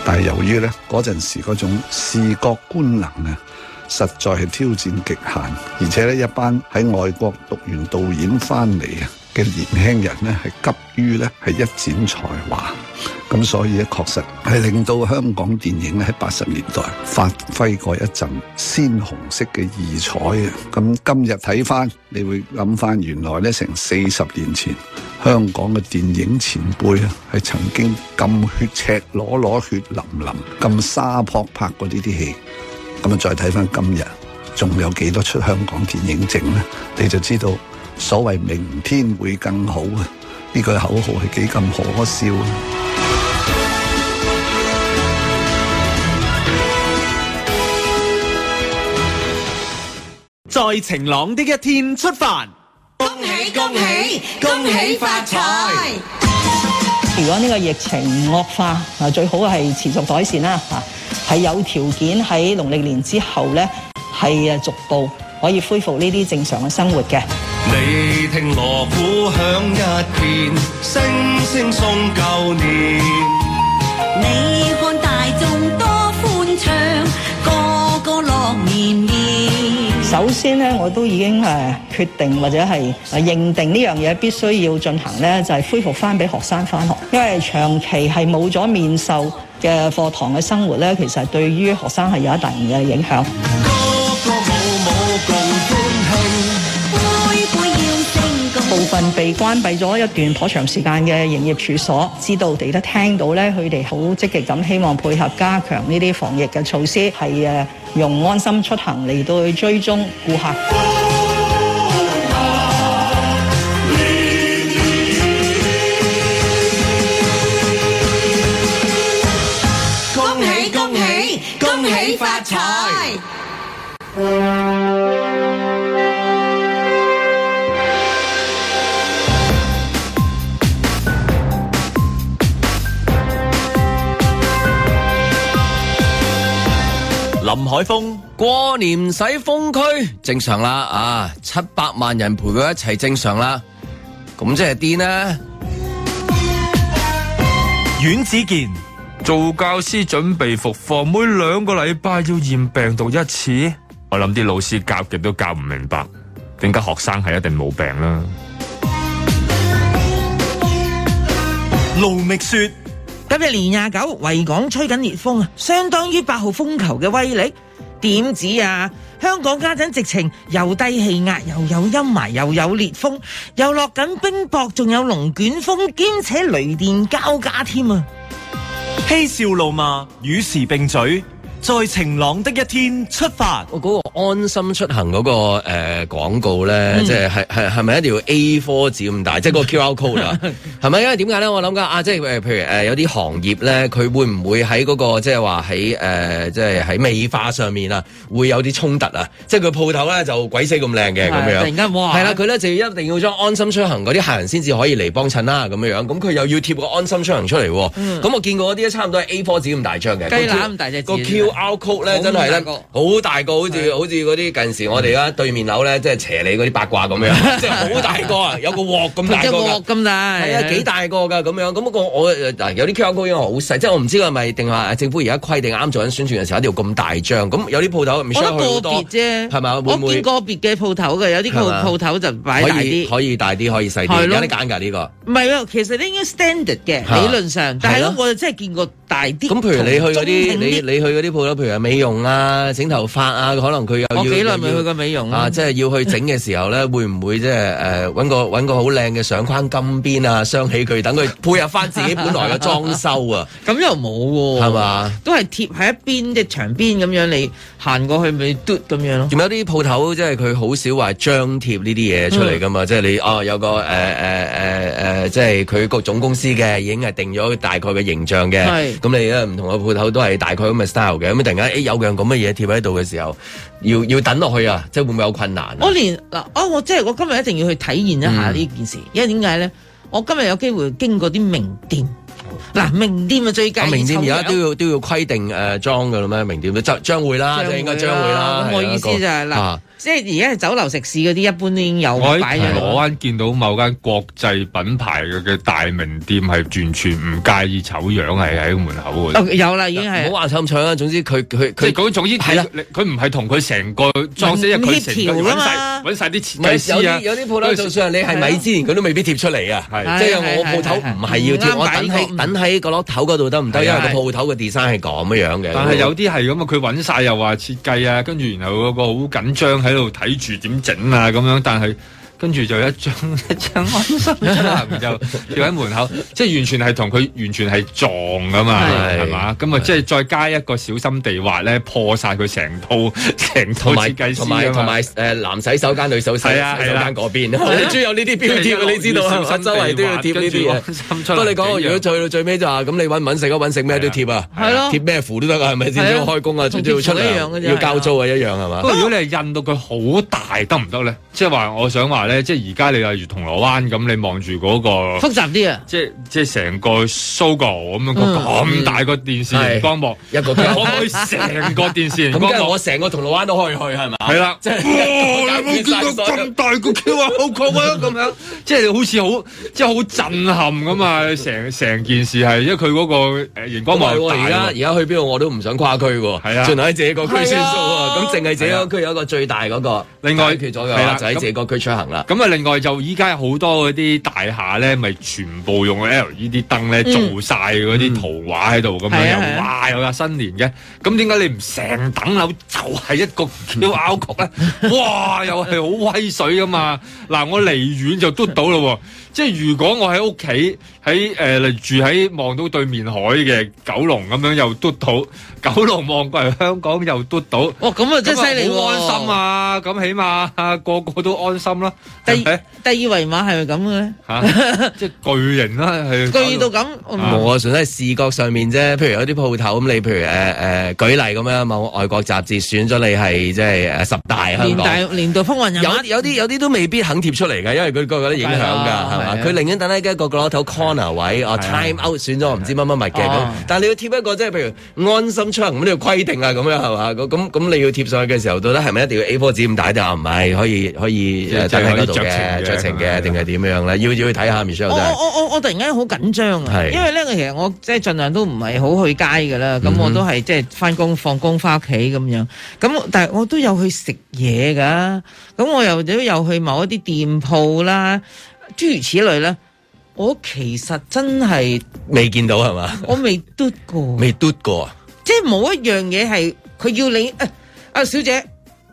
但係由於咧嗰陣時嗰種視覺觀能咧，實在係挑戰極限，而且咧一班喺外國讀完導演翻嚟啊！年輕人呢係急於呢係一展才華，咁所以咧確實係令到香港電影咧喺八十年代發揮過一陣鮮紅色嘅異彩嘅。咁今日睇翻，你會諗翻原來呢成四十年前香港嘅電影前輩啊，係曾經咁血赤裸裸、血淋淋、咁沙撲拍過呢啲戲。咁啊，再睇翻今日，仲有幾多出香港電影整呢？你就知道。所謂明天會更好啊！呢句口號係幾咁可笑啊！在晴朗的一天出發，恭喜恭喜恭喜發財！如果呢個疫情唔惡化啊，最好係持續改善啦啊！係有條件喺農曆年之後呢，係逐步可以恢復呢啲正常嘅生活嘅。你聽鑼鼓響一片，聲聲送舊年。你看大眾多歡暢，個個樂綿綿。首先呢，我都已經誒決定或者係誒認定呢樣嘢必須要進行呢就係、是、恢復翻俾學生翻學，因為長期係冇咗面授嘅課堂嘅生活呢，其實對於學生係有一定嘅影響。被關閉咗一段頗長時間嘅營業處所，知道地都聽到咧，佢哋好積極咁希望配合加強呢啲防疫嘅措施，係誒，用安心出行嚟到去追蹤顧客。恭喜恭喜，恭喜發財！ (music) 林海峰過年唔使封區正常啦，啊七百萬人陪佢一齊正常啦，咁即係癲啦。阮子健做教師準備復課，每兩個禮拜要驗病毒一次，我諗啲老師教極都教唔明白，點解學生係一定冇病啦？盧覓雪。今日年廿九，維港吹緊烈風啊，相當於八號風球嘅威力，點止啊？香港家陣直情又低氣壓，又有陰霾，又有烈風，又落緊冰雹，仲有龍捲風，兼且雷電交加添啊！嬉笑怒罵，與時並舉。在晴朗的一天出發、哦。我、那、嗰個安心出行嗰、那個誒、呃、廣告咧，嗯、即係係係係咪一定要 A4 紙咁大？即係 (laughs) 個 QR code 啊，係咪因為點解咧？我諗緊啊，即係、呃、譬如誒、呃、有啲行業咧，佢會唔會喺嗰、那個即係話喺誒，即係喺、呃、美化上面啊，會有啲衝突啊？即係佢鋪頭咧就鬼死咁靚嘅咁樣，突然間哇，係啦，佢咧就一定要將安心出行嗰啲客人先至可以嚟幫襯啦咁樣。咁佢又要貼個安心出行出嚟、啊，咁、嗯、我見過啲差唔多係 A4 紙咁大張嘅雞乸咁大隻凹曲咧真係一個好大個，好似好似嗰啲近時我哋而家對面樓咧，即係斜你嗰啲八卦咁樣，即係好大個啊，有個鑊咁大鑊咁大，係啊幾大個㗎咁樣。咁不過我嗱有啲 QR code 嘅好細，即係我唔知佢係咪定係政府而家規定啱做緊宣傳嘅時候一定要咁大張。咁有啲鋪頭，我覺得個別啫，係咪？我見個別嘅鋪頭嘅有啲鋪鋪頭就擺大啲，可以大啲可以細啲，而家你揀㗎呢個。唔係啊，其實你應該 standard 嘅理論上，但係咧我就真係見過大啲。咁譬如你去嗰啲你你去啲譬如啊，美容啊，整頭髮啊，可能佢又要，幾耐未去過美容啊，即係要、呃、要去整嘅時候咧， (laughs) 會唔會即係誒搵個個好靚嘅相框金邊啊，鑲起佢等佢配合翻自己本來嘅裝修啊？咁 (laughs) 又冇喎、啊，係嘛吧？都係貼喺一邊即係牆邊咁樣，你行過去咪嘟 o 咁樣咯、啊。仲有啲鋪頭即係佢好少話張貼呢啲嘢出嚟噶嘛？Mm. 即係你哦有個誒誒誒誒，即係佢個總公司嘅已經係定咗大概嘅形象嘅，咁是是你咧唔同嘅鋪頭都係大概咁嘅 style 嘅。咁樣突然間誒、欸、有樣咁嘅嘢貼喺度嘅時候，要要等落去啊！即係會唔會有困難、啊？我連嗱、啊，我即係我今日一定要去體驗一下呢件事，嗯、因為點解咧？我今日有機會經過啲名店，嗱名店嘅最佳，名店而家、啊、都要、啊、都要都要規定誒裝㗎喇咩？名店就將會啦，即係應該將會啦。咁、啊、我意思就係、是、嗱。那個啊即係而家係酒樓食肆嗰啲，一般都已經有擺嘢。我喺銅鑼灣見到某間國際品牌嘅大名店係完全唔介意醜樣，係喺門口嘅。有啦，已經係。唔好話醜唔醜啦，總之佢佢佢佢總之係佢唔係同佢成個裝飾啊，佢成揾曬揾曬啲錢。有啲有啲鋪頭，就算你係米芝蓮，佢都未必貼出嚟啊。即係我鋪頭唔係要貼，我等喺等喺個攞頭嗰度得唔得？因為個鋪頭嘅 design 係咁樣嘅。但係有啲係咁佢揾曬又話設計啊，跟住然後嗰個好緊張喺度睇住點整啊咁樣，但係。跟住就一張一張安心啦，就貼喺門口，即係完全係同佢完全係撞噶嘛，係嘛？咁啊，即係再加一個小心地滑咧，破晒佢成套成套設計師同埋同埋誒男洗手間女洗手間嗰邊，我哋中意有呢啲標貼你知道啊？周圍都要貼呢啲。不過你講，如果去到最尾就係咁，你唔揾食啊，揾食咩都貼啊，係貼咩符都得㗎，係咪先？要開工啊，最主要出糧，要交租啊，一樣係嘛？不過如果你係印到佢好大，得唔得咧？即係話，我想話。即係而家你例如銅鑼灣咁，你望住嗰個複雜啲啊！即係即係成個 Sogo 咁樣個咁大個電視熒光幕一個，可唔可以成個電視熒光幕？我成個銅鑼灣都可以去，係咪？係啦，即係哇！你冇見過咁大個橋啊，好酷啊！咁樣即係好似好即係好震撼噶啊。成成件事係因為佢嗰個熒光幕大。而家而家去邊度我都唔想跨區喎，係啊，盡喺自己個區算數啊！咁淨係自己個區有一個最大嗰個，另外咗㗎，係啦，就喺自己個區出行啦。咁啊！另外就依家好多嗰啲大廈咧，咪全部用 LED 燈咧做晒嗰啲圖畫喺度，咁樣、嗯、又、嗯、又哇又有新年嘅。咁點解你唔成等樓就係一個 Q 凹角咧？ (laughs) 哇！又係好威水噶嘛！嗱， (laughs) 我離遠就嘟到咯、啊。即係如果我喺屋企喺誒住喺望到對面海嘅九龍，咁樣又嘟到九龍望過嚟香港又嘟到，哇、哦！咁啊真係犀利喎！安心啊，咁起碼個個都安心啦、啊。第第二維碼係咪咁嘅咧？即係巨型啦、啊，係 (laughs) 巨到咁、啊。我純粹係視覺上面啫。譬如有啲鋪頭咁，你譬如誒誒、呃呃、舉例咁樣，某、呃呃呃、外國雜誌選咗你係即係十大香港年度年度風雲有。啲有啲都未必肯貼出嚟嘅，因為佢各有啲影響㗎。啊哎佢寧願等一個，角落頭 corner 位啊，timeout 選咗唔知乜乜乜嘅咁。但係你要貼一個即係譬如安心出行咁啲規定啊，咁樣係嘛？咁咁你要貼上去嘅時候，到底係咪一定要 A4 紙咁大就唔係可以可以大家都酌情酌情嘅，定係點樣咧？要要去睇下 Michelle 我我突然間好緊張啊！因為咧，其實我即係儘量都唔係好去街㗎啦。咁我都係即係翻工放工翻屋企咁樣。咁但係我都有去食嘢㗎。咁我又都又去某一啲店鋪啦。諸如此類咧，我其實真係未見到係嘛？我未嘟過，未嘟過啊！即係冇一樣嘢，係佢要你誒，阿小姐，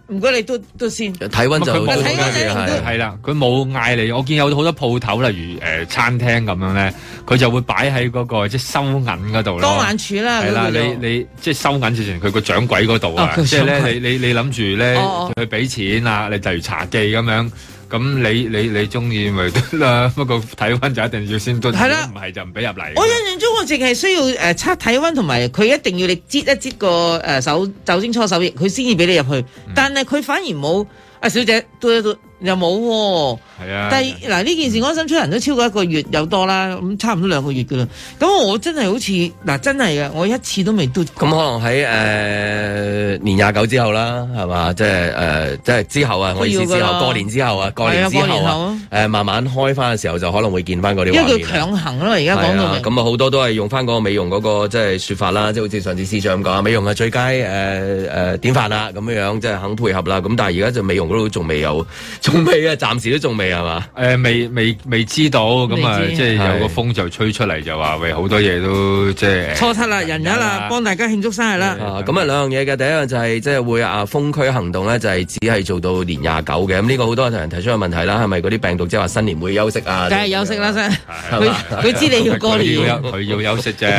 唔該你嘟，嘟先，體溫就係啦，係啦，佢冇嗌你。我見有好多鋪頭，例如誒餐廳咁樣咧，佢就會擺喺嗰個即係收銀嗰度啦，當眼處啦，係啦，你你即係收銀之前，佢個掌櫃嗰度啊，即係咧，你你你諗住咧去俾錢啊，例如茶記咁樣。咁你你你中意咪得啦，不過體温就一定要先到。篤，係啦，唔係就唔俾入嚟。我印象中我淨係需要誒、呃、測體温同埋佢一定要你擠一擠個誒手酒精搓手液，佢先至俾你入去。但係佢反而冇、嗯、啊，小姐都都。篤一篤又冇喎，係啊！但嗱呢件事、嗯、安心出行都超過一個月有多啦，咁差唔多兩個月噶啦。咁我真係好似嗱真係嘅，我一次都未到過。咁、嗯、可能喺誒、呃、年廿九之後啦，係嘛？即係誒、呃，即係之後啊，我意思、啊、之後過年之後啊，啊過年之後誒、啊啊呃、慢慢開翻嘅時候就可能會見翻嗰啲。因為佢強行咯、啊，而家講到咁啊，好、嗯、多都係用翻嗰個美容嗰、嗰個即係説法啦，即係好似上次師長咁講啊，美容係最佳誒誒典範啦，咁、呃呃呃啊、樣樣即係肯配合啦。咁但係而家就美容嗰度仲未有。仲未啊？暫時都仲未係嘛？誒，未未未知道咁啊，即係有個風就吹出嚟，就話喂，好多嘢都即係。初七啦，人日啦，幫大家慶祝生日啦。啊，咁啊兩樣嘢嘅，第一樣就係即係會啊封區行動咧，就係只係做到年廿九嘅。咁呢個好多同人提出嘅問題啦，係咪嗰啲病毒即係話新年會休息啊？梗係休息啦，先。佢知你要過年，佢要休息啫，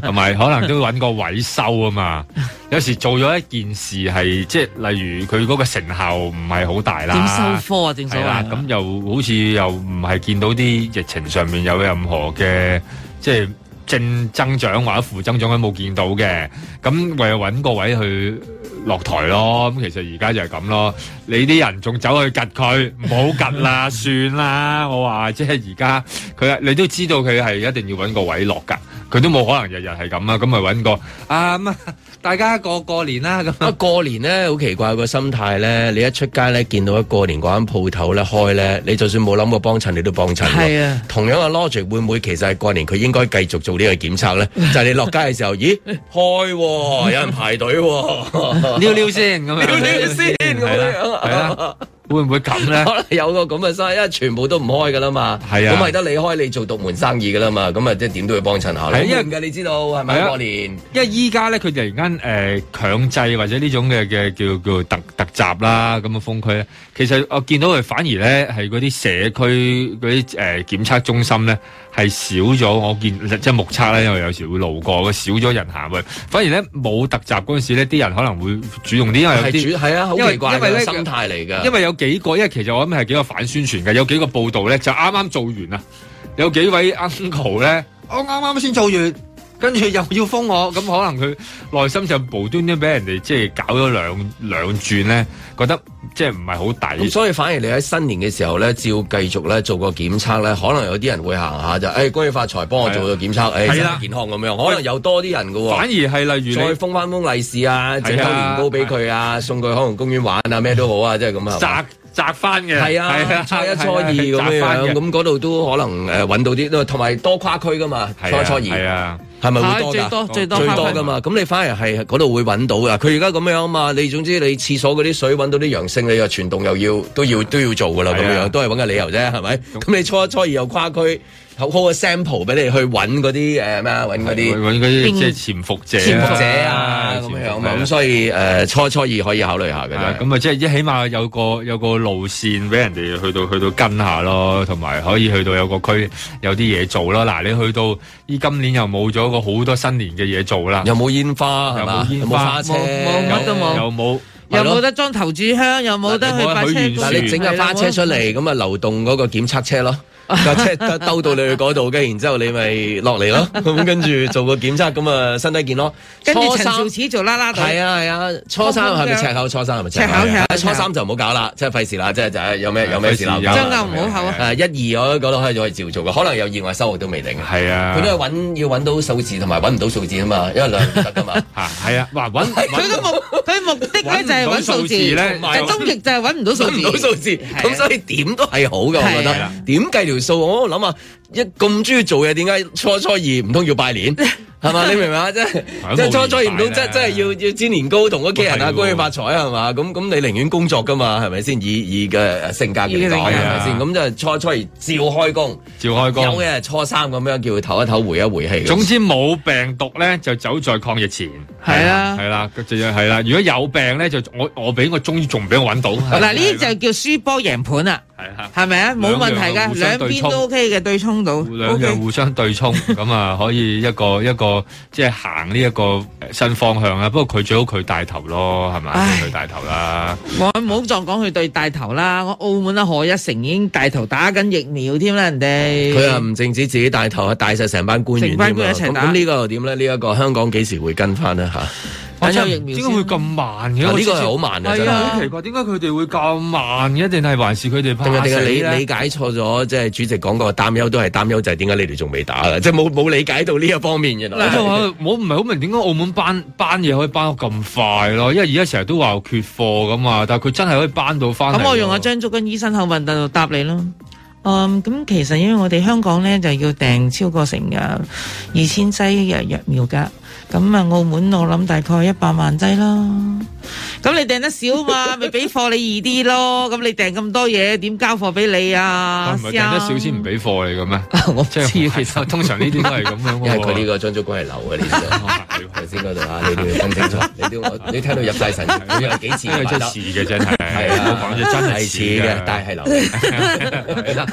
同埋可能都揾個位收啊嘛。有時做咗一件事係即係，例如佢嗰個成效唔係好大啦。點收科啊？點收科啊？咁又好似又唔係見到啲疫情上面有任何嘅即係正增長或者負增長都冇見到嘅。咁唯有揾個位去落台咯。咁其實而家就係咁咯。你啲人仲走去拮佢，唔好拮啦，算啦。我話即係而家佢，你都知道佢係一定要揾個位落噶。佢都冇可能日日係咁啊。咁咪揾個啊咁啊。大家過過年啦咁，過年咧好奇怪，個心態咧，你一出街咧見到一過年嗰間鋪頭咧開咧，你就算冇諗過幫襯，你都幫襯。係是啊，同樣嘅 logic 會唔會其實係過年佢應該繼續做個檢測呢個檢測咧？就係、是、你落街嘅時候，咦， (laughs) 開、啊，有人排隊、啊， (laughs) 溜溜先咁樣， (laughs) 溜溜先咁樣。會唔會咁咧？可能有個咁嘅生意，因為全部都唔開㗎啦嘛。係啊，咁係得你開，你做獨門生意㗎啦嘛。咁啊，即係點都要幫襯下。係一樣嘅，你知道係咪？過年，因為依家咧，佢突然間誒強制或者呢種嘅嘅叫叫特特集啦，咁嘅封區咧。其實我見到佢反而咧係嗰啲社區嗰啲誒檢測中心咧係少咗。我見即係目測咧，因為有時會路過，少咗人行去。反而咧冇特集嗰陣時咧，啲人可能會主動啲，因為有啲係啊，好奇怪嘅心態嚟㗎。因為有幾個，因為其實我諗係幾個反宣傳嘅，有幾個報道咧就啱啱做完啊，有幾位 uncle 咧，我啱啱先做完。跟住又要封我，咁可能佢內心就無端端俾人哋即係搞咗兩兩轉咧，覺得即係唔係好抵。咁、就是、所以反而你喺新年嘅時候咧，照繼續咧做個檢測咧，可能有啲人會行下就，誒、哎、恭喜發財幫我做個檢測，誒健康咁樣，可能有多啲人嘅喎、哦。反而係例如再封翻封利是啊，整高年糕俾佢啊，啊送佢海洋公園玩啊，咩都好啊，即係咁啊。扎翻嘅，係啊，初一初二咁樣，咁嗰度都可能誒揾到啲，同埋多跨區㗎嘛，初一初二，係啊，係咪會多㗎？最多㗎嘛，咁你反而係嗰度會揾到㗎。佢而家咁樣啊嘛，你總之你廁所嗰啲水揾到啲陽性，你又傳動又要都要都要做㗎啦，咁樣都係揾個理由啫，係咪？咁你初一初二又跨區。好，好個 sample 俾你去揾嗰啲誒咩啊？揾嗰啲即係潛伏者，潛伏者啊，咁樣，咁所以誒初初二可以考慮下嘅。咁啊，即係一起碼有個有個路線俾人哋去到去到跟下咯，同埋可以去到有個區有啲嘢做啦。嗱，你去到依今年又冇咗個好多新年嘅嘢做啦，又冇煙花？又冇煙花？冇，冇乜都冇。又冇？又冇得裝頭炷香？又冇得去擺車？嗱，你整個花車出嚟，咁啊流動嗰個檢測車咯。架車兜到你去嗰度嘅，然之後你咪落嚟咯，咁跟住做個檢測，咁啊身體健康咯。跟住陳肇始做啦啦。係啊係啊，初三係咪赤口？初三係咪赤口？初三就唔好搞啦，即係費事啦，即係就有咩有咩事鬧。張家唔好口啊。一二嗰嗰度可以可以照做嘅，可能有意外收穫我都未定。係啊，佢都係要揾到數字同埋揾唔到數字啊嘛，因為兩唔得啊嘛。嚇係啊。哇揾佢都目佢目的就係揾數字咧，就終極就係揾唔到數字，揾唔到數字，咁所以點都係好嘅，我覺得點計我諗下一咁中意做嘢，點解初一初二唔通要拜年？ (laughs) 係嘛？你明唔明？即係即係初初唔到，即係係要要煎年糕，同屋企人啊，恭喜發財啊，係嘛？咁咁你寧願工作噶嘛？係咪先？以以嘅性格嚟講，係咪先？咁就初初而照開工，照開工有嘅初三咁樣叫佢唞一唞，回一回氣。總之冇病毒咧，就走在抗疫前。係啊，係啦，仲係啦。如果有病咧，就我我俾我終於仲俾我揾到。嗱，呢啲就叫輸波贏盤啦。係啊，係咪啊？冇問題㗎，兩邊都 OK 嘅，對沖到。兩樣互相對沖咁啊，可以一個一個。即係行呢一個新方向啊，不過佢最好佢帶頭咯，係咪？佢帶唉頭啦。我唔好再講佢對帶頭啦，我 (laughs) 澳門啊賀一誠已經帶頭打緊疫苗添啦，人哋佢、嗯、又唔淨止自己帶頭，帶晒成班官員。一齊打，咁呢個又點咧？呢、這、一個香港幾時會跟翻呢？吓？ (laughs) 點解會咁慢嘅？呢個係好慢啊，真係好奇怪，點解佢哋會咁慢嘅？定係還是佢哋定係你理解錯咗？即係主席講嗰個擔憂，都係擔憂就係點解你哋仲未打嘅？即係冇冇理解到呢一方面嘅。我唔係好明點解澳門班班嘢可以班到咁快咯？因為而家成日都話缺貨咁嘛。但係佢真係可以班到翻嚟。咁我用阿張竹君醫生口吻就答你啦。嗯，咁其實因為我哋香港咧就要訂超過成日二千劑日疫苗噶。咁啊，澳門我諗大概一百萬劑啦。咁你訂得少嘛，咪俾貨你二啲咯。咁你訂咁多嘢，點交貨俾你啊？唔係訂得少先唔俾貨你嘅咩？我知，其實通常呢啲都係咁樣。因為佢呢個張租金係流嘅呢個。頭先嗰度啊，你都要分清楚，你睇到入晒神，佢又幾次嘅真係。我講嘅真係似嘅，但係流。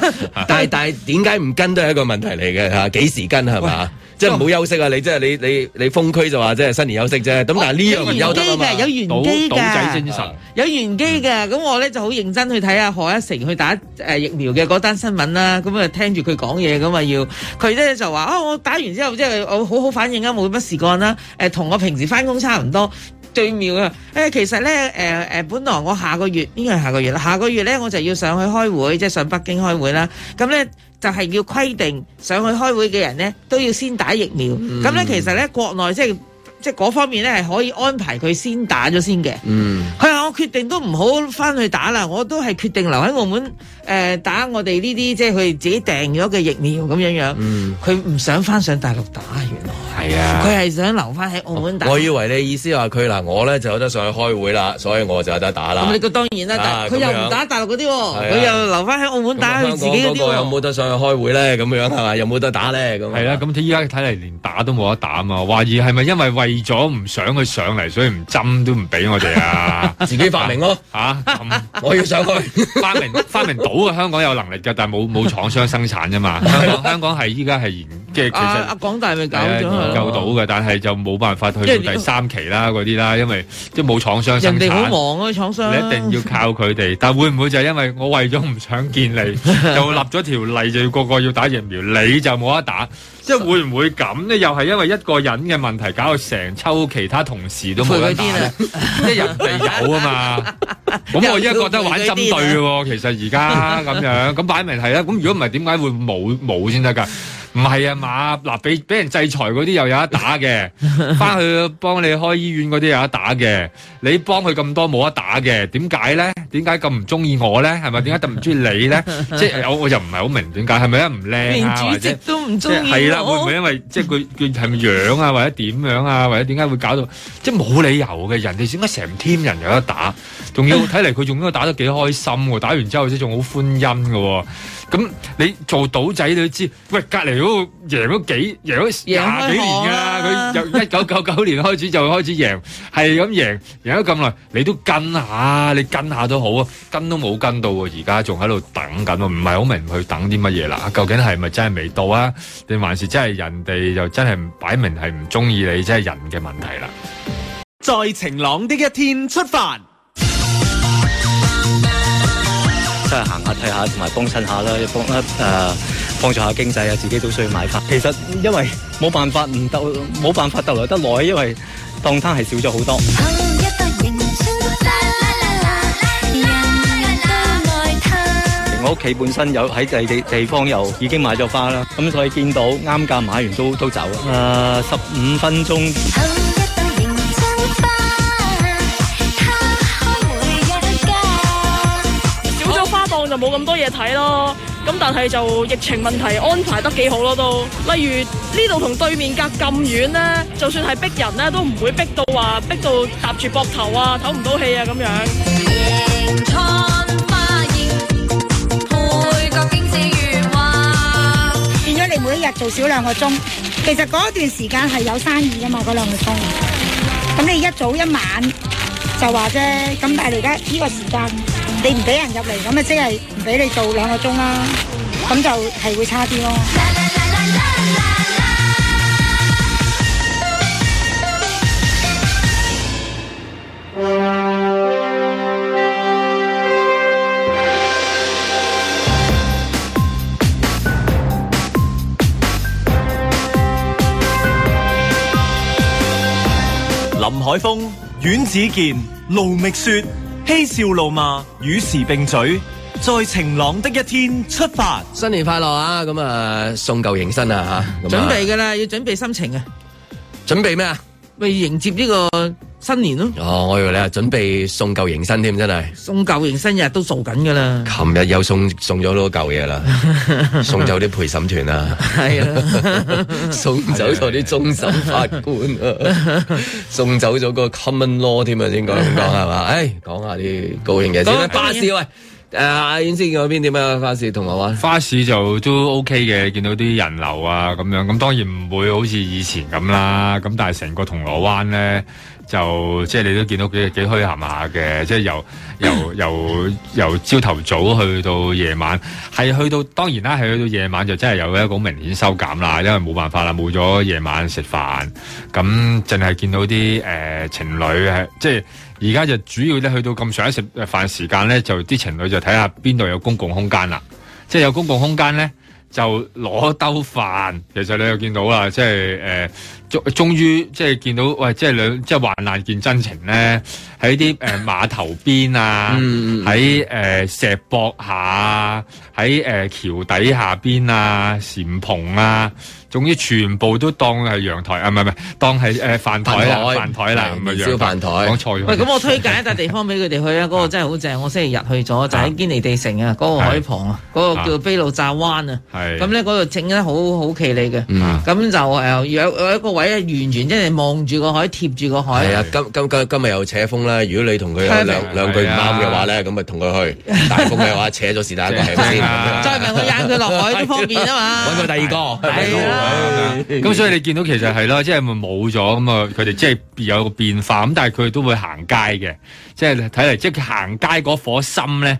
但係但係點解唔跟都係一個問題嚟嘅吓？幾時跟係嘛？即係唔好休息啊！你即係你你。封區就話即係新年休息啫。咁但係呢樣唔休得啦嘛。賭賭、哦、仔精神，有玄機嘅。咁我咧就好認真去睇下何一成去打誒疫苗嘅嗰單新聞啦。咁啊聽住佢講嘢，咁啊要。佢咧就話啊、哦，我打完之後即係我好好反應啊，冇乜事幹啦。誒，同我平時翻工差唔多。最妙啊！誒，其實咧誒誒，本來我下個月應該係下個月啦。下個月咧我就要上去開會，即係上北京開會啦。咁咧。就係要規定，上去開會嘅人呢，都要先打疫苗。咁 (noise) 呢，其實呢，國內即係。即係嗰方面咧係可以安排佢先打咗先嘅。嗯，佢話我決定都唔好翻去打啦，我都係決定留喺澳門誒打我哋呢啲即係佢自己訂咗嘅疫苗咁樣樣。佢唔想翻上大陸打，原來係啊，佢係想留翻喺澳門打。我以為你意思話佢嗱，我咧就有得上去開會啦，所以我就有得打啦。咁你個當然啦，佢又唔打大陸嗰啲喎，佢又留翻喺澳門打佢自己嗰啲。有冇得上去開會咧？咁樣係咪？有冇得打咧？咁係啦，咁依家睇嚟連打都冇得打啊嘛！懷疑係咪因為為？為咗唔想佢上嚟，所以唔針都唔俾我哋啊！ (laughs) 自己發明咯，吓、 (laughs) 啊！啊嗯、 (laughs) 我要上去 (laughs) 發明，發明到啊！香港有能力嘅，但係冇冇廠商生產啫嘛。 (laughs) 香港 (laughs) 香港係依家係即係其實阿港大咪救咗佢，研究到嘅，但係就冇辦法去到第三期啦，嗰啲啦，因為即係冇廠商生產，人哋好忙啊，廠商，你一定要靠佢哋。但係會唔會就係因為我為咗唔想見你，就立咗條例，就要個個要打疫苗，你就冇得打，即係會唔會咁咧？又係因為一個人嘅問題搞到成抽其他同事都冇得打咧？即係人哋有啊嘛，咁我而家覺得玩針對嘅，其實而家咁樣咁擺明係啦。咁如果唔係，點解會冇冇先得噶？唔係啊，馬嗱俾俾人制裁嗰啲又有得打嘅，翻 (laughs) 去幫你開醫院嗰啲又有得打嘅，你幫佢咁多冇得打嘅，點解咧？點解咁唔中意我咧？係咪？點解特唔中意你咧？即係我我就唔係好明點解，係咪啊？唔靚啊？連主席都唔中意我。係係啦，會唔會因為即係佢佢係咪樣啊，或者點樣啊，或者點解會搞到即係冇理由嘅？人哋點解成天人有得打，仲要睇嚟佢仲應該打得幾開心喎？打完之後即係仲好歡欣嘅喎。咁你做賭仔都知，喂，隔籬嗰個贏咗幾贏咗廿幾年噶啦，佢由一九九九年開始就開始贏，係咁贏贏咗咁耐，你都跟下，你跟下都好啊，跟都冇跟到啊，而家仲喺度等緊啊，唔係好明佢等啲乜嘢啦，究竟係咪真係未到啊？定還是真係人哋又真係擺明係唔中意你，真係人嘅問題啦？在晴朗的一天出發。出去行下睇下，同埋幫襯下啦，幫一誒幫助下經濟啊！自己都需要買花。其實因為冇辦法唔得，冇辦法逗留得耐，因為檔攤係少咗好多。我屋企本身有喺地地地方又已經買咗花啦，咁所以見到啱價買完都都走啦。誒，十五分鐘。就冇咁多嘢睇咯，咁但係就疫情問題安排得幾好咯都。例如呢度同對面隔咁遠咧，就算係逼人咧，都唔會逼到話逼到搭住膊頭啊，唞唔到氣啊咁樣。變咗你每一日做少兩個鐘，其實嗰段時間係有生意噶嘛，嗰兩個鐘。咁你一早一晚就話啫，咁但係你而家呢個時間。你唔俾人入嚟，咁咪即係唔俾你做兩個鐘啦，咁就係會差啲咯。林海峰、阮子健、盧覓雪。嬉笑怒罵與時並進，在晴朗的一天出發。新年快樂啊！咁啊，送舊迎新啊，啊準備噶啦，要準備心情啊，準備咩啊？未迎接呢個新年咯，啊！哦，我以為你係準備送舊迎新添，真係送舊迎新日都做緊噶啦。琴日又送送咗多舊嘢啦，送走啲陪審團啦，係啊，送走咗啲終審法官啊， (laughs) (laughs) 送走咗個 common law 添啊，應該咁講係嘛，誒，講下啲高興嘅先， (laughs) 巴士喂。誒，阿遠先，嗰邊點啊？花市銅鑼灣花市就都 OK 嘅，見到啲人流啊，咁樣咁，當然唔會好似以前咁啦。咁 (laughs) 但係成個銅鑼灣咧，就即係你都見到幾幾虛閒下嘅，即係由由 (coughs) 由由朝頭早去到夜晚，係去到當然啦，係去到夜晚就真係有一個好明顯收減啦，因為冇辦法啦，冇咗夜晚食飯，咁淨係見到啲誒、呃、情侶啊，即係。即而家就主要咧，去到咁上下食飯時間呢，就啲情侶就睇下邊度有公共空間啦。即係有公共空間呢，就攞兜飯。其實你又見到啊，即係誒。呃終終於即係見到喂，即係兩，即係患難見真情咧。喺啲誒碼頭邊啊，喺誒石駁下，喺誒橋底下邊啊，禪蓬啊，總之全部都當係陽台啊，唔係，唔係，當係誒飯台飯台啦，唔係陽台。講錯咗喂。咁我推介一笪地方俾佢哋去啊，嗰個真係好正，我星期日去咗就喺堅尼地城啊，嗰個海旁啊，嗰個叫卑路乍灣啊。係。咁咧嗰度整得好好企理嘅。嗯。咁就誒有有一個位完全真係望住個海，貼住個海。係啊，今今今今日又扯風啦。如果你同佢兩兩句唔啱嘅話咧，咁咪同佢去大風嘅話扯咗是但一個，但係再問佢引佢落海都方便啊嘛。揾佢第二個係啦。咁所以你見到其實係咯，即係咪冇咗咁啊？佢哋即係有個變化，咁但係佢都會行街嘅。即係睇嚟，即係行街嗰顆心咧，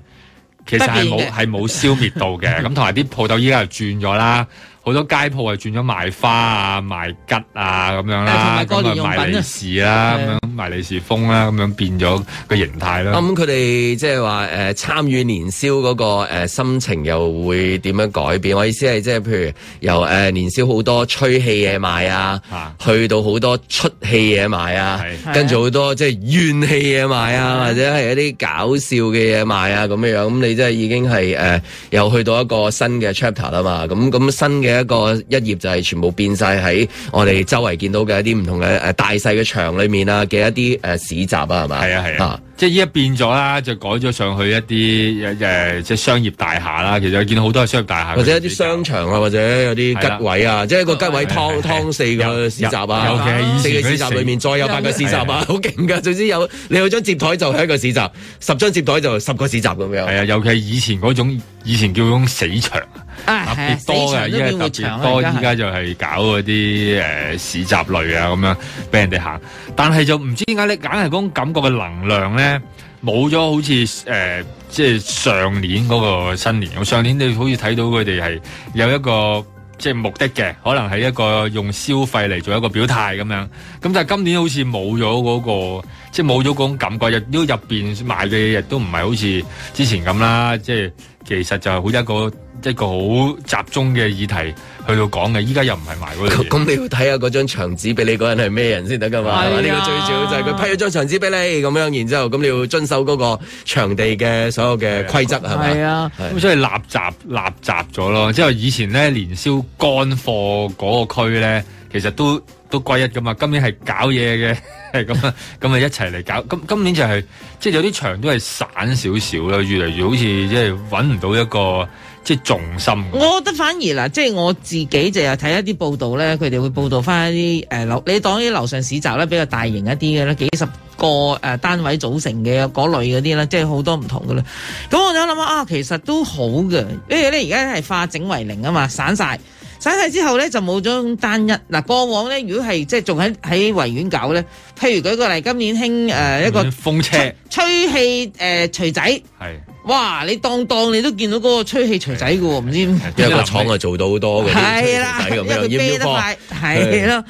其實係冇係冇消滅到嘅。咁同埋啲鋪頭依家又轉咗啦。好多街鋪啊，轉咗賣花啊、賣桔啊咁樣啦，咁啊賣利是啦，咁樣賣利是封啦，咁樣變咗個形態啦。咁佢哋即係話誒參與年宵個誒心情又會點樣改變？我意思係即係譬如由誒年宵好多吹氣嘢賣啊，去到好多出氣嘢賣啊，跟住好多即係怨氣嘢賣啊，或者係一啲搞笑嘅嘢賣啊，咁樣樣咁你即係已經係誒又去到一個新嘅 chapter 啦嘛。咁咁新嘅。一個一頁就係全部變晒喺我哋周圍見到嘅一啲唔同嘅誒大細嘅場裏面啊嘅一啲誒市集啊係嘛係啊係啊，即係依家變咗啦，就改咗上去一啲誒即係商業大廈啦。其實我見到好多商業大廈，或者一啲商場啊，或者有啲吉位啊，對、對、對即係一個吉位劏劏四個市集啊，尤其係四個市集裏面再有八個市集啊，好勁噶。總之有你有張接台就係一個市集，十張接台就十個市集咁樣。係啊對，尤其係以前嗰種，以前叫嗰種死場。啊，特別多嘅，而家特別多，而家就係搞嗰啲誒市集類啊，咁樣俾人哋行。但係就唔知點解你梗係個感覺嘅能量咧，冇咗好似誒，即係上年嗰個新年。上年你好似睇到佢哋係有一個即係、就是、目的嘅，可能係一個用消費嚟做一個表態咁樣。咁但係今年好似冇咗嗰個。即係冇咗嗰種感覺，入都入邊賣嘅嘢亦都唔係好似之前咁啦。即係其實就係好一個一個好集中嘅議題去到講嘅。依家又唔係賣嗰。咁你要睇下嗰張牆紙俾你嗰人係咩人先得㗎嘛？呢、啊呢個最主要就係佢批咗張牆紙俾你咁樣，然之後咁你要遵守嗰個場地嘅所有嘅規則係咪？係啊，咁吧、啊、所以垃雜垃雜咗咯。之後以前咧年宵乾貨嗰個區咧，其實都。都歸一噶嘛，今年係搞嘢嘅，咁啊，咁啊 (laughs) 一齊嚟搞。今今年就係、是、即係有啲場都係散少少啦，越嚟越好似即係揾唔到一個即係重心。我覺得反而嗱，即係我自己淨係睇一啲報道咧，佢哋會報道翻一啲誒樓，你當啲樓上市集咧，比較大型一啲嘅咧，幾十個誒單位組成嘅嗰類嗰啲咧，即係好多唔同嘅啦。咁我就諗啊，其實都好嘅，因為咧而家係化整為零啊嘛，散晒。使晒之後咧就冇咗咁單一嗱、啊，過往咧如果係即係仲喺喺維園搞咧，譬如舉個例，今年興誒、呃、一個風車吹氣誒、呃、錘仔，係是哇你蕩蕩你都見到嗰個吹氣錘仔嘅喎，唔知邊是個廠啊做到好多嘅錘是仔咁樣，佢飛得快係咯。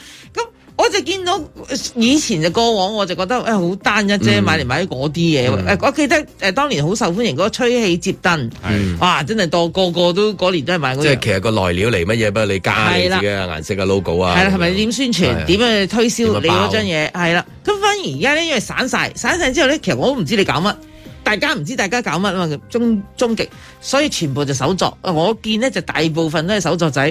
我就見到以前嘅過往，我就覺得誒好單一啫，買嚟買啲嗰啲嘢。誒，我記得誒當年好受歡迎嗰個吹氣接燈，哇！真係多個個都嗰年都係買嗰樣。即係其實個內料嚟乜嘢不？你加嚟嘅顏色嘅 logo 啊。係啦，係咪點宣傳、點去推銷你嗰張嘢？係啦，咁反而而家咧因為散晒，散晒之後咧，其實我都唔知你搞乜。大家唔知大家搞乜啊嘛，終終極，所以全部就手作。我見呢就大部分都係手作仔，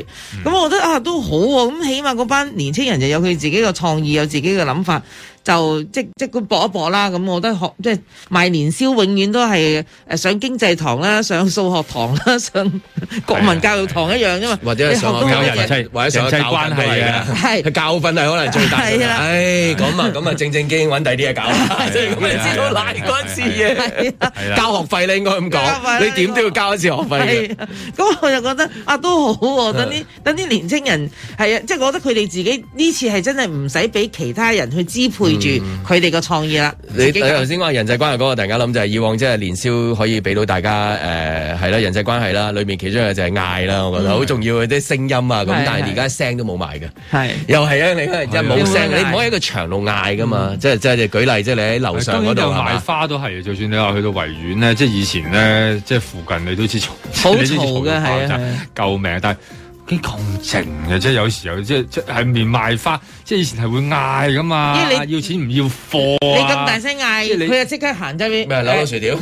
咁、mm. 嗯、我覺得啊都好喎，咁起碼嗰班年青人就有佢自己嘅創意，有自己嘅諗法。就即即咁搏一搏啦，咁我都學即係賣年宵，永遠都係誒上經濟堂啦，上數學堂啦，上國民教育堂一樣啫嘛，或者上教人，或者上教關係嘅，係佢教訓係可能最大嘅。係啊，咁啊咁啊正正經揾第啲嘢教，就咁你知道賴過一次嘢，係啊交學費你應該咁講，你點都要交一次學費。係咁我就覺得啊都好喎，等啲等啲年青人係啊，即係我覺得佢哋自己呢次係真係唔使俾其他人去支配。住佢哋個創意啦！你頭先話人際關係嗰個，大家諗就係以往即係年宵可以俾到大家誒係啦，人際關係啦，裏面其中一個就係嗌啦，我覺得好重要嘅啲聲音啊咁。但係而家聲都冇埋嘅，係又係啊你，即係冇聲，你唔可以喺個場度嗌噶嘛，即係即係舉例即啫，你喺樓上嗰度啊。賣花都係，就算你話去到維園咧，即係以前咧，即係附近你都知嘈，嘈嘅係啊，救命！但係點咁靜嘅？即係有時候，即係即係喺面賣花。即係以前係會嗌噶嘛，因為你要錢唔要貨。你咁大聲嗌，佢又即刻行咗邊。咪扭扭攆薯條，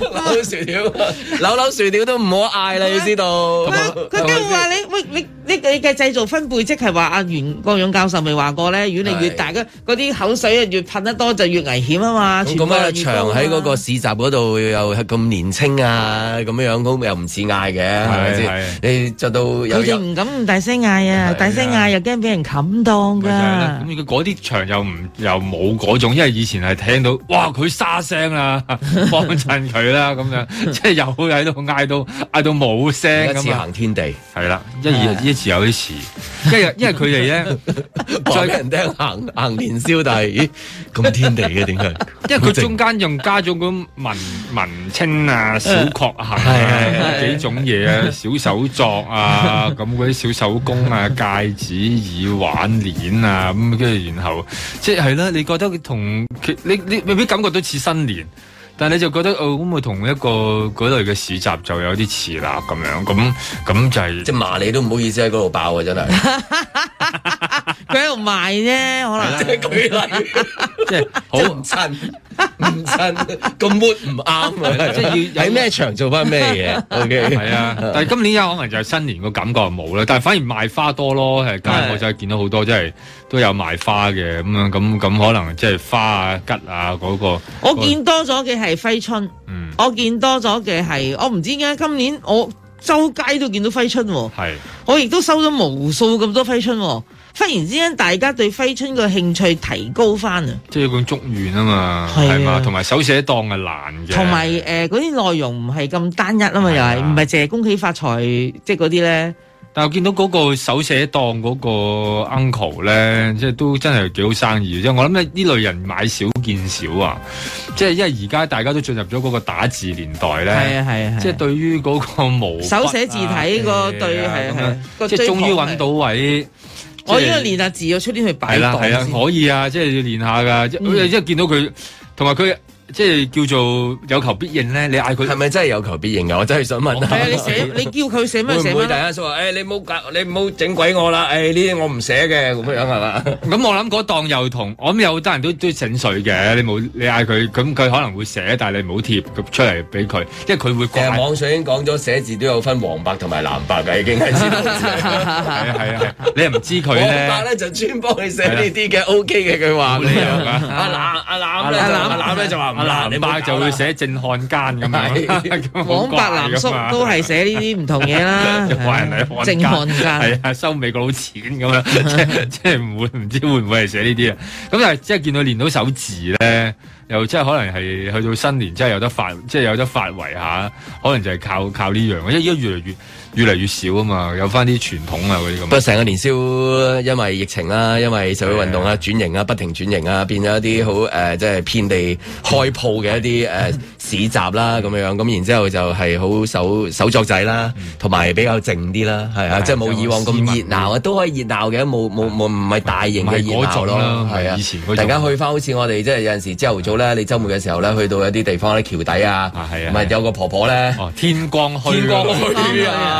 扭扭薯條，扭扭薯條都唔好嗌啦，要知道。佢佢話你喂你你嘅製造分貝即係話阿袁國勇教授未話過咧，越嚟越大嗰啲口水啊，越噴得多就越危險啊嘛。咁啊場喺嗰個市集嗰度又咁年輕啊，咁樣樣都又唔似嗌嘅，係咪先？你就到佢哋唔敢咁大聲嗌啊，大聲嗌又驚俾人冚到。咁佢嗰啲場又唔又冇嗰種，因為以前係聽到哇，佢沙聲啊，幫襯佢啦，咁樣即係又喺度嗌到嗌到冇聲。咁行天地，係啦了的，一月一次有啲次，一日因為佢哋咧，再 (laughs) 人哋行行年宵，但係咦咁天地嘅點解？為因為佢中間仲加咗嗰文文青啊、小確幸啊，的幾種嘢啊、小手作啊，咁嗰啲小手工啊、戒指耳環鏈。啊咁跟住，然後即係咧，你覺得同佢你你，你，你未必感覺到似新年，但係你就覺得哦，咁咪同一個嗰類嘅市集就有啲似啦咁樣，咁咁就係、是、即係罵你都唔好意思喺嗰度爆啊！真係佢喺度賣啫，可能即係舉例，即係 (laughs) 好唔襯。唔襯，咁 mood 唔啱啊！即係要喺咩場做翻咩嘢？OK，係啊。但係今年有可能就係新年個感覺冇啦，但係反而賣花多咯。係街鋪仔見到好多，即、就、係、是、都有賣花嘅咁樣。咁咁的可能即係花啊、桔啊嗰、那個。那個、我見多咗嘅係揮春。嗯、我見多咗嘅係，我唔知點解今年我周街都見到揮春喎、啊。的我亦都收咗無數咁多揮春喎、啊。忽然之間，大家對揮春個興趣提高翻啊！即係有個祝願啊嘛，係嘛，同埋手寫檔係難嘅。同埋誒，嗰啲內容唔係咁單一啊嘛，又係唔係淨係恭喜發財，即係嗰啲咧。但係我見到嗰個手寫檔嗰個 uncle 咧，即係都真係幾好生意。即係我諗呢類人買少見少啊！即係因為而家大家都進入咗嗰個打字年代咧，即係對於嗰個毛筆手寫字體個對係係，即係終於揾到位。就是，我要去練下字，我出啲去擺檔。係啊，先可以啊，就是練嗯，即係要練下噶。即係見到佢，同埋佢。即係叫做有求必應咧，你嗌佢係咪真係有求必應嘅？我真係想問下。誒，你寫，你叫佢寫咩？寫乜？大家話誒，你冇搞，你冇整鬼我啦？誒，呢啲我唔寫嘅，咁樣係嘛？咁我諗嗰檔又同，我諗有啲人都都整水嘅。你冇，你嗌佢，咁佢可能會寫，但係你唔好貼出嚟俾佢，即係佢會講網上已經講咗，寫字都有分黃白同埋藍白嘅，已經係知道。你又唔知佢咧？黃白咧就專幫佢寫呢啲嘅 OK 嘅，佢話呢樣阿攬阿攬咧，阿攬阿就話。藍伯就會寫正漢奸咁樣，黃伯 (laughs) 藍叔都係寫呢啲唔同嘢啦。正漢 (laughs) 奸係啊， (laughs) 收美國佬錢咁樣 (laughs) 即，即會會即唔會唔知會唔會係寫呢啲啊？咁但係即係見到練到手字咧，又即係可能係去到新年，即係有得發，即係有得發圍下，可能就係靠靠呢樣，因為越嚟越。越嚟越少啊嘛，有翻啲傳統啊嗰啲咁。不過，成個年宵因為疫情啦，因為社會運動啊，轉型啊，不停轉型啊，變咗一啲好誒，即係遍地開鋪嘅一啲誒市集啦，咁樣樣。咁然之後就係好手手作仔啦，同埋比較靜啲啦，係啊，即係冇以往咁熱鬧啊，都可以熱鬧嘅，冇冇唔係大型嘅熱鬧咯。係啊，以前大家去翻好似我哋即係有陣時朝頭早咧，你周末嘅時候咧，去到一啲地方一啲橋底啊，唔係有個婆婆咧，天光去。天光去啊！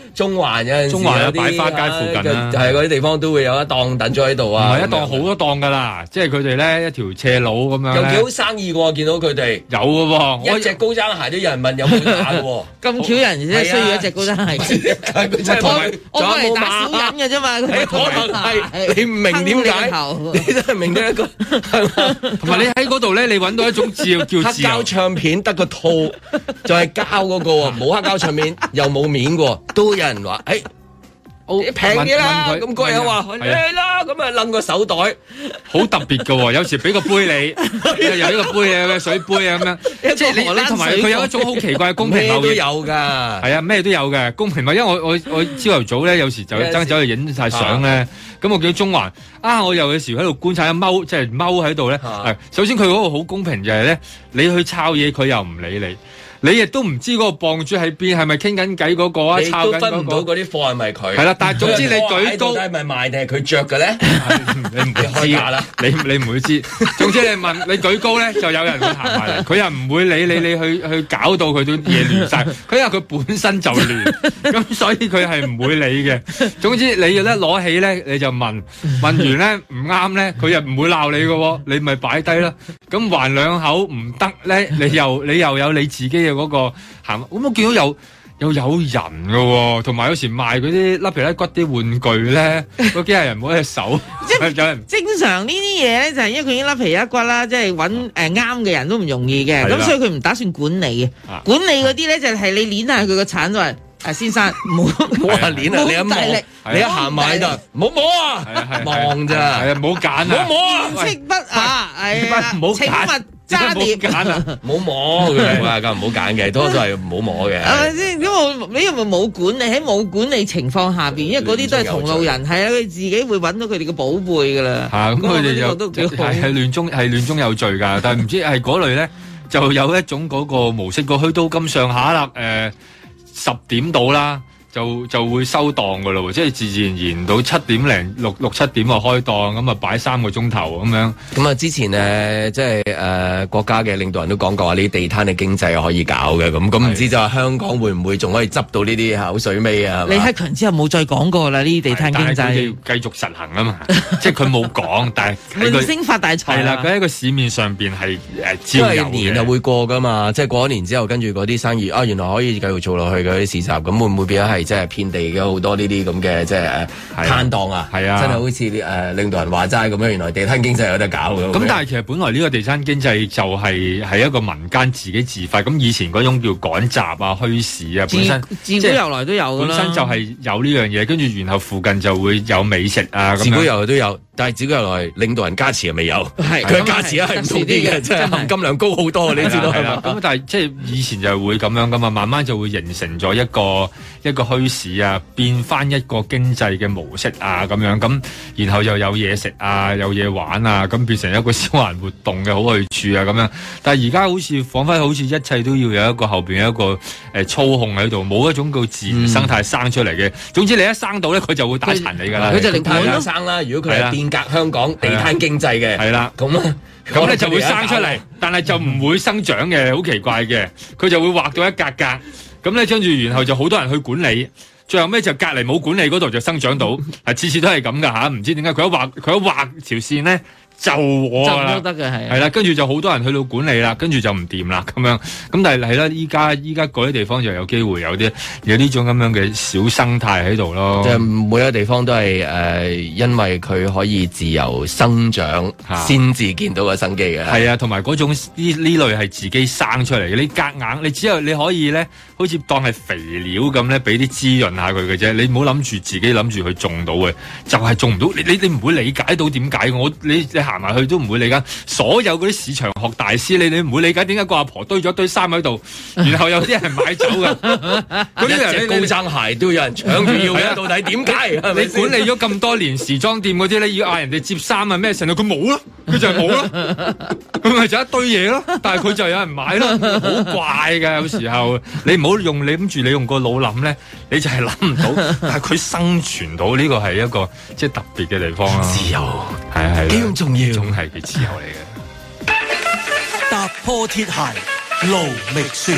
中環有陣時，中環有擺花街附近，就係嗰啲地方都會有一檔等咗喺度啊！唔係一檔，好多檔噶啦，即係佢哋咧一條斜路咁樣咧，幾好生意喎！見到佢哋有嘅喎，一隻高踭鞋都有人問有冇賣嘅喎，咁巧人啫，需要一隻高踭鞋。我我係打小人嘅啫嘛，可能係你唔明點解，你真係明得一個？同埋你喺嗰度咧，你揾到一種字叫黑膠唱片，得個套就係膠嗰個喎，冇黑膠唱片又冇面嘅喎，都。有人話誒，平啲啦，咁個人話係啦，咁啊，拎個手袋，好特別噶，有時俾個杯你，有一個杯啊，水杯啊咁樣，即係你你同埋佢有一種好奇怪嘅公平貿易，都有噶，係啊，咩都有嘅公平貿易，因為我我我朝頭早咧，有時就爭走去影晒相咧，咁我見到中環啊，我有時喺度觀察，踎即係踎喺度咧，首先佢嗰個好公平就係咧，你去抄嘢，佢又唔理你。你亦、那個、都唔知嗰個檔主喺邊，係咪傾緊偈嗰個啊？抄緊嗰啲貨係咪佢？係啦，但係總之你舉高，係咪賣定係佢着嘅咧？你唔會知下啦， (laughs) 你你唔會知。 (laughs) 總之你問你舉高咧，就有人會行埋嚟。佢 (laughs) 又唔會理你，你去去搞到佢啲嘢亂晒。佢 (laughs) 因為佢本身就亂，咁 (laughs) 所以佢係唔會理嘅。總之你要咧攞起咧，你就問問完咧唔啱咧，佢又唔會鬧你嘅喎。你咪擺低囉。咁還兩口唔得咧，你又你又，你又有你自己嘅。嗰個行，咁我見到有有有人嘅，同埋有時賣嗰啲甩皮甩骨啲玩具咧，個機械人冇隻手，正常。呢啲嘢咧就係因為佢已經甩皮甩骨啦，即係揾誒啱嘅人都唔容易嘅。咁所以佢唔打算管理嘅，管理嗰啲咧就係你捻下佢個鏟話誒，先生唔好唔好人攣啊！你一望，你一行埋就，度，唔好摸啊，望咋？係啊，唔好揀啊！唔好摸啊！唔識得啊！哎唔好揀。揸碟揀啊！冇摸佢哋啊，咁唔好揀嘅，多數係唔好摸嘅。係咪先？因為你又咪冇管理，喺冇管理情況下邊，因為嗰啲都係同路人，係啊，佢自己會揾到佢哋嘅寶貝噶啦。嚇！咁佢哋又係亂中，係亂中有序噶，但係唔知係嗰類咧，就有一種嗰個模式，個墟都咁上下啦。誒，十點到啦。就就會收檔嘅咯喎，即係自自然然到七點零六六七點就開檔，咁啊擺三個鐘頭咁樣。咁啊之前誒、呃、即係誒、呃、國家嘅領導人都講過話，呢啲地攤嘅經濟可以搞嘅，咁咁唔知就香港會唔會仲可以執到呢啲口水尾啊？李克強之後冇再講過啦，呢啲地攤經濟。但係要繼續實行啊嘛， (laughs) 即係佢冇講，但係喺佢發大財的。啦、啊，佢喺個市面上邊係誒，啊、年就會過噶嘛，啊、即係過一年之後，跟住嗰啲生意啊，原來可以繼續做落去嘅啲市集，咁會唔會變咗係？即係遍地嘅好多呢啲咁嘅即係誒、啊、攤檔啊，係啊，啊真係好似誒領導人話齋咁樣。原來地攤經濟有得搞嘅。咁 (laughs) 但係其實本來呢個地攤經濟就係係一個民間自己自發。咁以前嗰種叫趕集啊、墟市啊，本身自，自古由來都有。本身就係有呢樣嘢，跟住然後附近就會有美食啊。自古由來都有。但係只不過係嚟領導人加持又未有，係佢加持係唔同啲嘅，即係含金量高好多，你知道係嘛？咁但係即係以前就會咁樣噶嘛，慢慢就會形成咗一個一個墟市啊，變翻一個經濟嘅模式啊，咁樣咁，然後又有嘢食啊，有嘢玩啊，咁變成一個消閒活動嘅好去處啊，咁樣。但係而家好似仿佛好似一切都要有一個後邊一個誒操控喺度，冇一種叫自然生態生出嚟嘅。總之你一生到咧，佢就會打殘你噶啦。佢就令太生啦。如果佢隔香港地攤經濟嘅係啦，咁咧咁咧就會生出嚟，嗯、但係就唔會生長嘅，好奇怪嘅，佢就會畫到一格格，咁咧將住，然後就好多人去管理，最後尾就隔離冇管理嗰度就生長到，係次次都係咁㗎吓，唔知點解佢一畫佢一畫條線咧。就我得嘅係。係啦，跟住就好多人去到管理啦，跟住就唔掂啦，咁樣。咁但係係啦，依家依家嗰啲地方就有機會有啲有呢種咁樣嘅小生態喺度咯。即係每一個地方都係誒、呃，因為佢可以自由生長，先至、啊、見到個生機嘅。係啊，同埋嗰種呢呢類係自己生出嚟嘅，你夾硬，你只有你可以咧，好似當係肥料咁咧，俾啲滋潤下佢嘅啫。你唔好諗住自己諗住去種到嘅，就係、係、種唔到。你你你唔會理解到點解我你。你你你你行埋去都唔會理解，所有嗰啲市場學大師，你你唔會理解點解個阿婆堆咗堆衫喺度，然後有啲人買走噶嗰啲 (laughs) 人高踭鞋，都有人搶住要嘅。 (laughs) 啊、到底點解？你管理咗咁多年時裝店嗰啲咧，要嗌人哋接衫啊咩，成日佢冇咯，佢就係冇咯，佢咪就一堆嘢咯。但係佢就有人買咯，好怪噶。有時候你唔好用，你諗住你用個腦諗咧，你就係諗唔到。但係佢生存到呢個係一個即係特別嘅地方啦。自由係係總係幾自由嚟嘅。踏破鐵鞋勞未絕。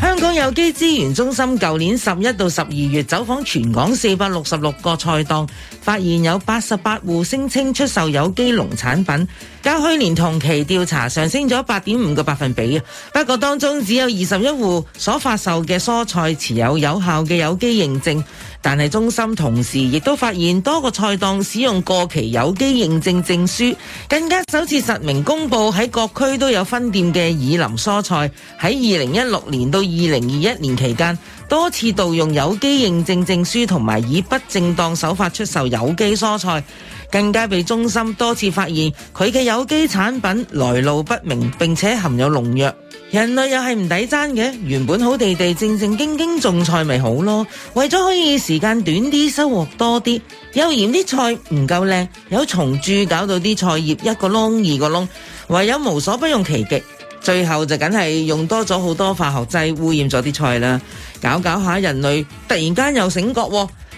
香港有機資源中心舊年十一到十二月走訪全港四百六十六個菜檔，發現有八十八戶聲稱出售有機農產品。較去年同期調查上升咗八點五個百分比，不過當中只有二十一戶所發售嘅蔬菜持有有效嘅有機認證，但係中心同時亦都發現多個菜檔使用過期有機認證證書，更加首次實名公佈喺各區都有分店嘅以林蔬菜喺二零一六年到二零二一年期間多次盜用有機認證證書同埋以不正當手法出售有機蔬菜。更加被中心多次發現，佢嘅有機產品來路不明，並且含有農藥。人類又係唔抵爭嘅，原本好地地正正經經種菜咪好咯，為咗可以時間短啲，收穫多啲，又嫌啲菜唔夠靚，有蟲蛀搞到啲菜葉一個窿二個窿，唯有無所不用其極，最後就梗係用多咗好多化學劑污染咗啲菜啦。搞搞下，人類突然間又醒覺。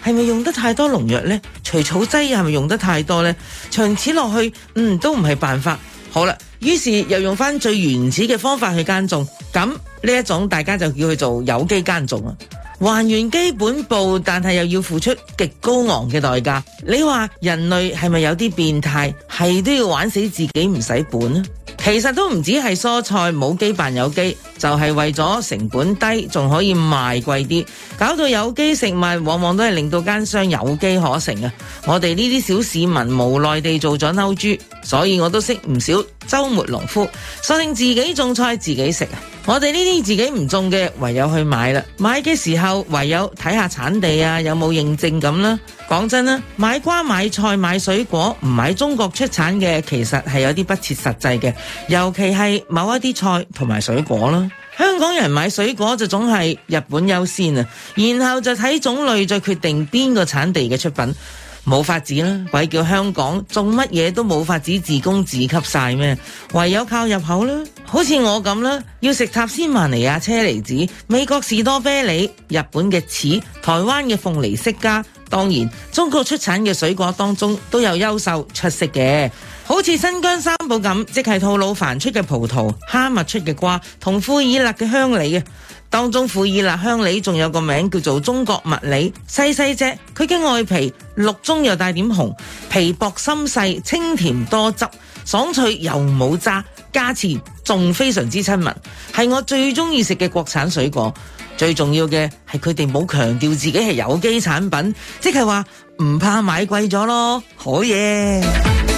係咪用得太多農藥呢？除草劑係咪用得太多呢？長此落去，嗯，都唔係辦法。好啦，於是又用翻最原始嘅方法去耕種，咁呢一種大家就叫佢做有機耕種啦。還原基本步，但係又要付出極高昂嘅代價。你話人類係咪有啲變態？係都要玩死自己唔使本啊！其實都唔止係蔬菜冇機扮有機，就係、是、為咗成本低，仲可以賣貴啲，搞到有機食物往往都係令到奸商有機可乘啊！我哋呢啲小市民無奈地做咗偷豬，所以我都識唔少周末農夫，索性自己種菜自己食啊！我哋呢啲自己唔種嘅，唯有去買啦。買嘅時候，唯有睇下產地啊，有冇認證咁啦。講真啦，買瓜買菜買水果唔買中國出產嘅，其實係有啲不切實際嘅。尤其係某一啲菜同埋水果啦。香港人買水果就總係日本優先啊，然後就睇種類再決定邊個產地嘅出品。冇法子啦，鬼叫香港種乜嘢都冇法子自供自給晒咩？唯有靠入口啦，好似我咁啦，要食塔斯曼尼亞車厘子、美國士多啤梨、日本嘅柿、台灣嘅鳳梨釋迦，當然中國出產嘅水果當中都有優秀出色嘅，好似新疆三寶咁，即係吐魯番出嘅葡萄、哈密出嘅瓜同庫爾勒嘅香梨啊！當中富爾臘香李仲有個名叫做中國蜜李，細細隻，佢嘅外皮綠中又帶點紅，皮薄心細，清甜多汁，爽脆又冇渣，價錢仲非常之親民，係我最中意食嘅國產水果。最重要嘅係佢哋冇強調自己係有機產品，即係話唔怕買貴咗咯，好嘢。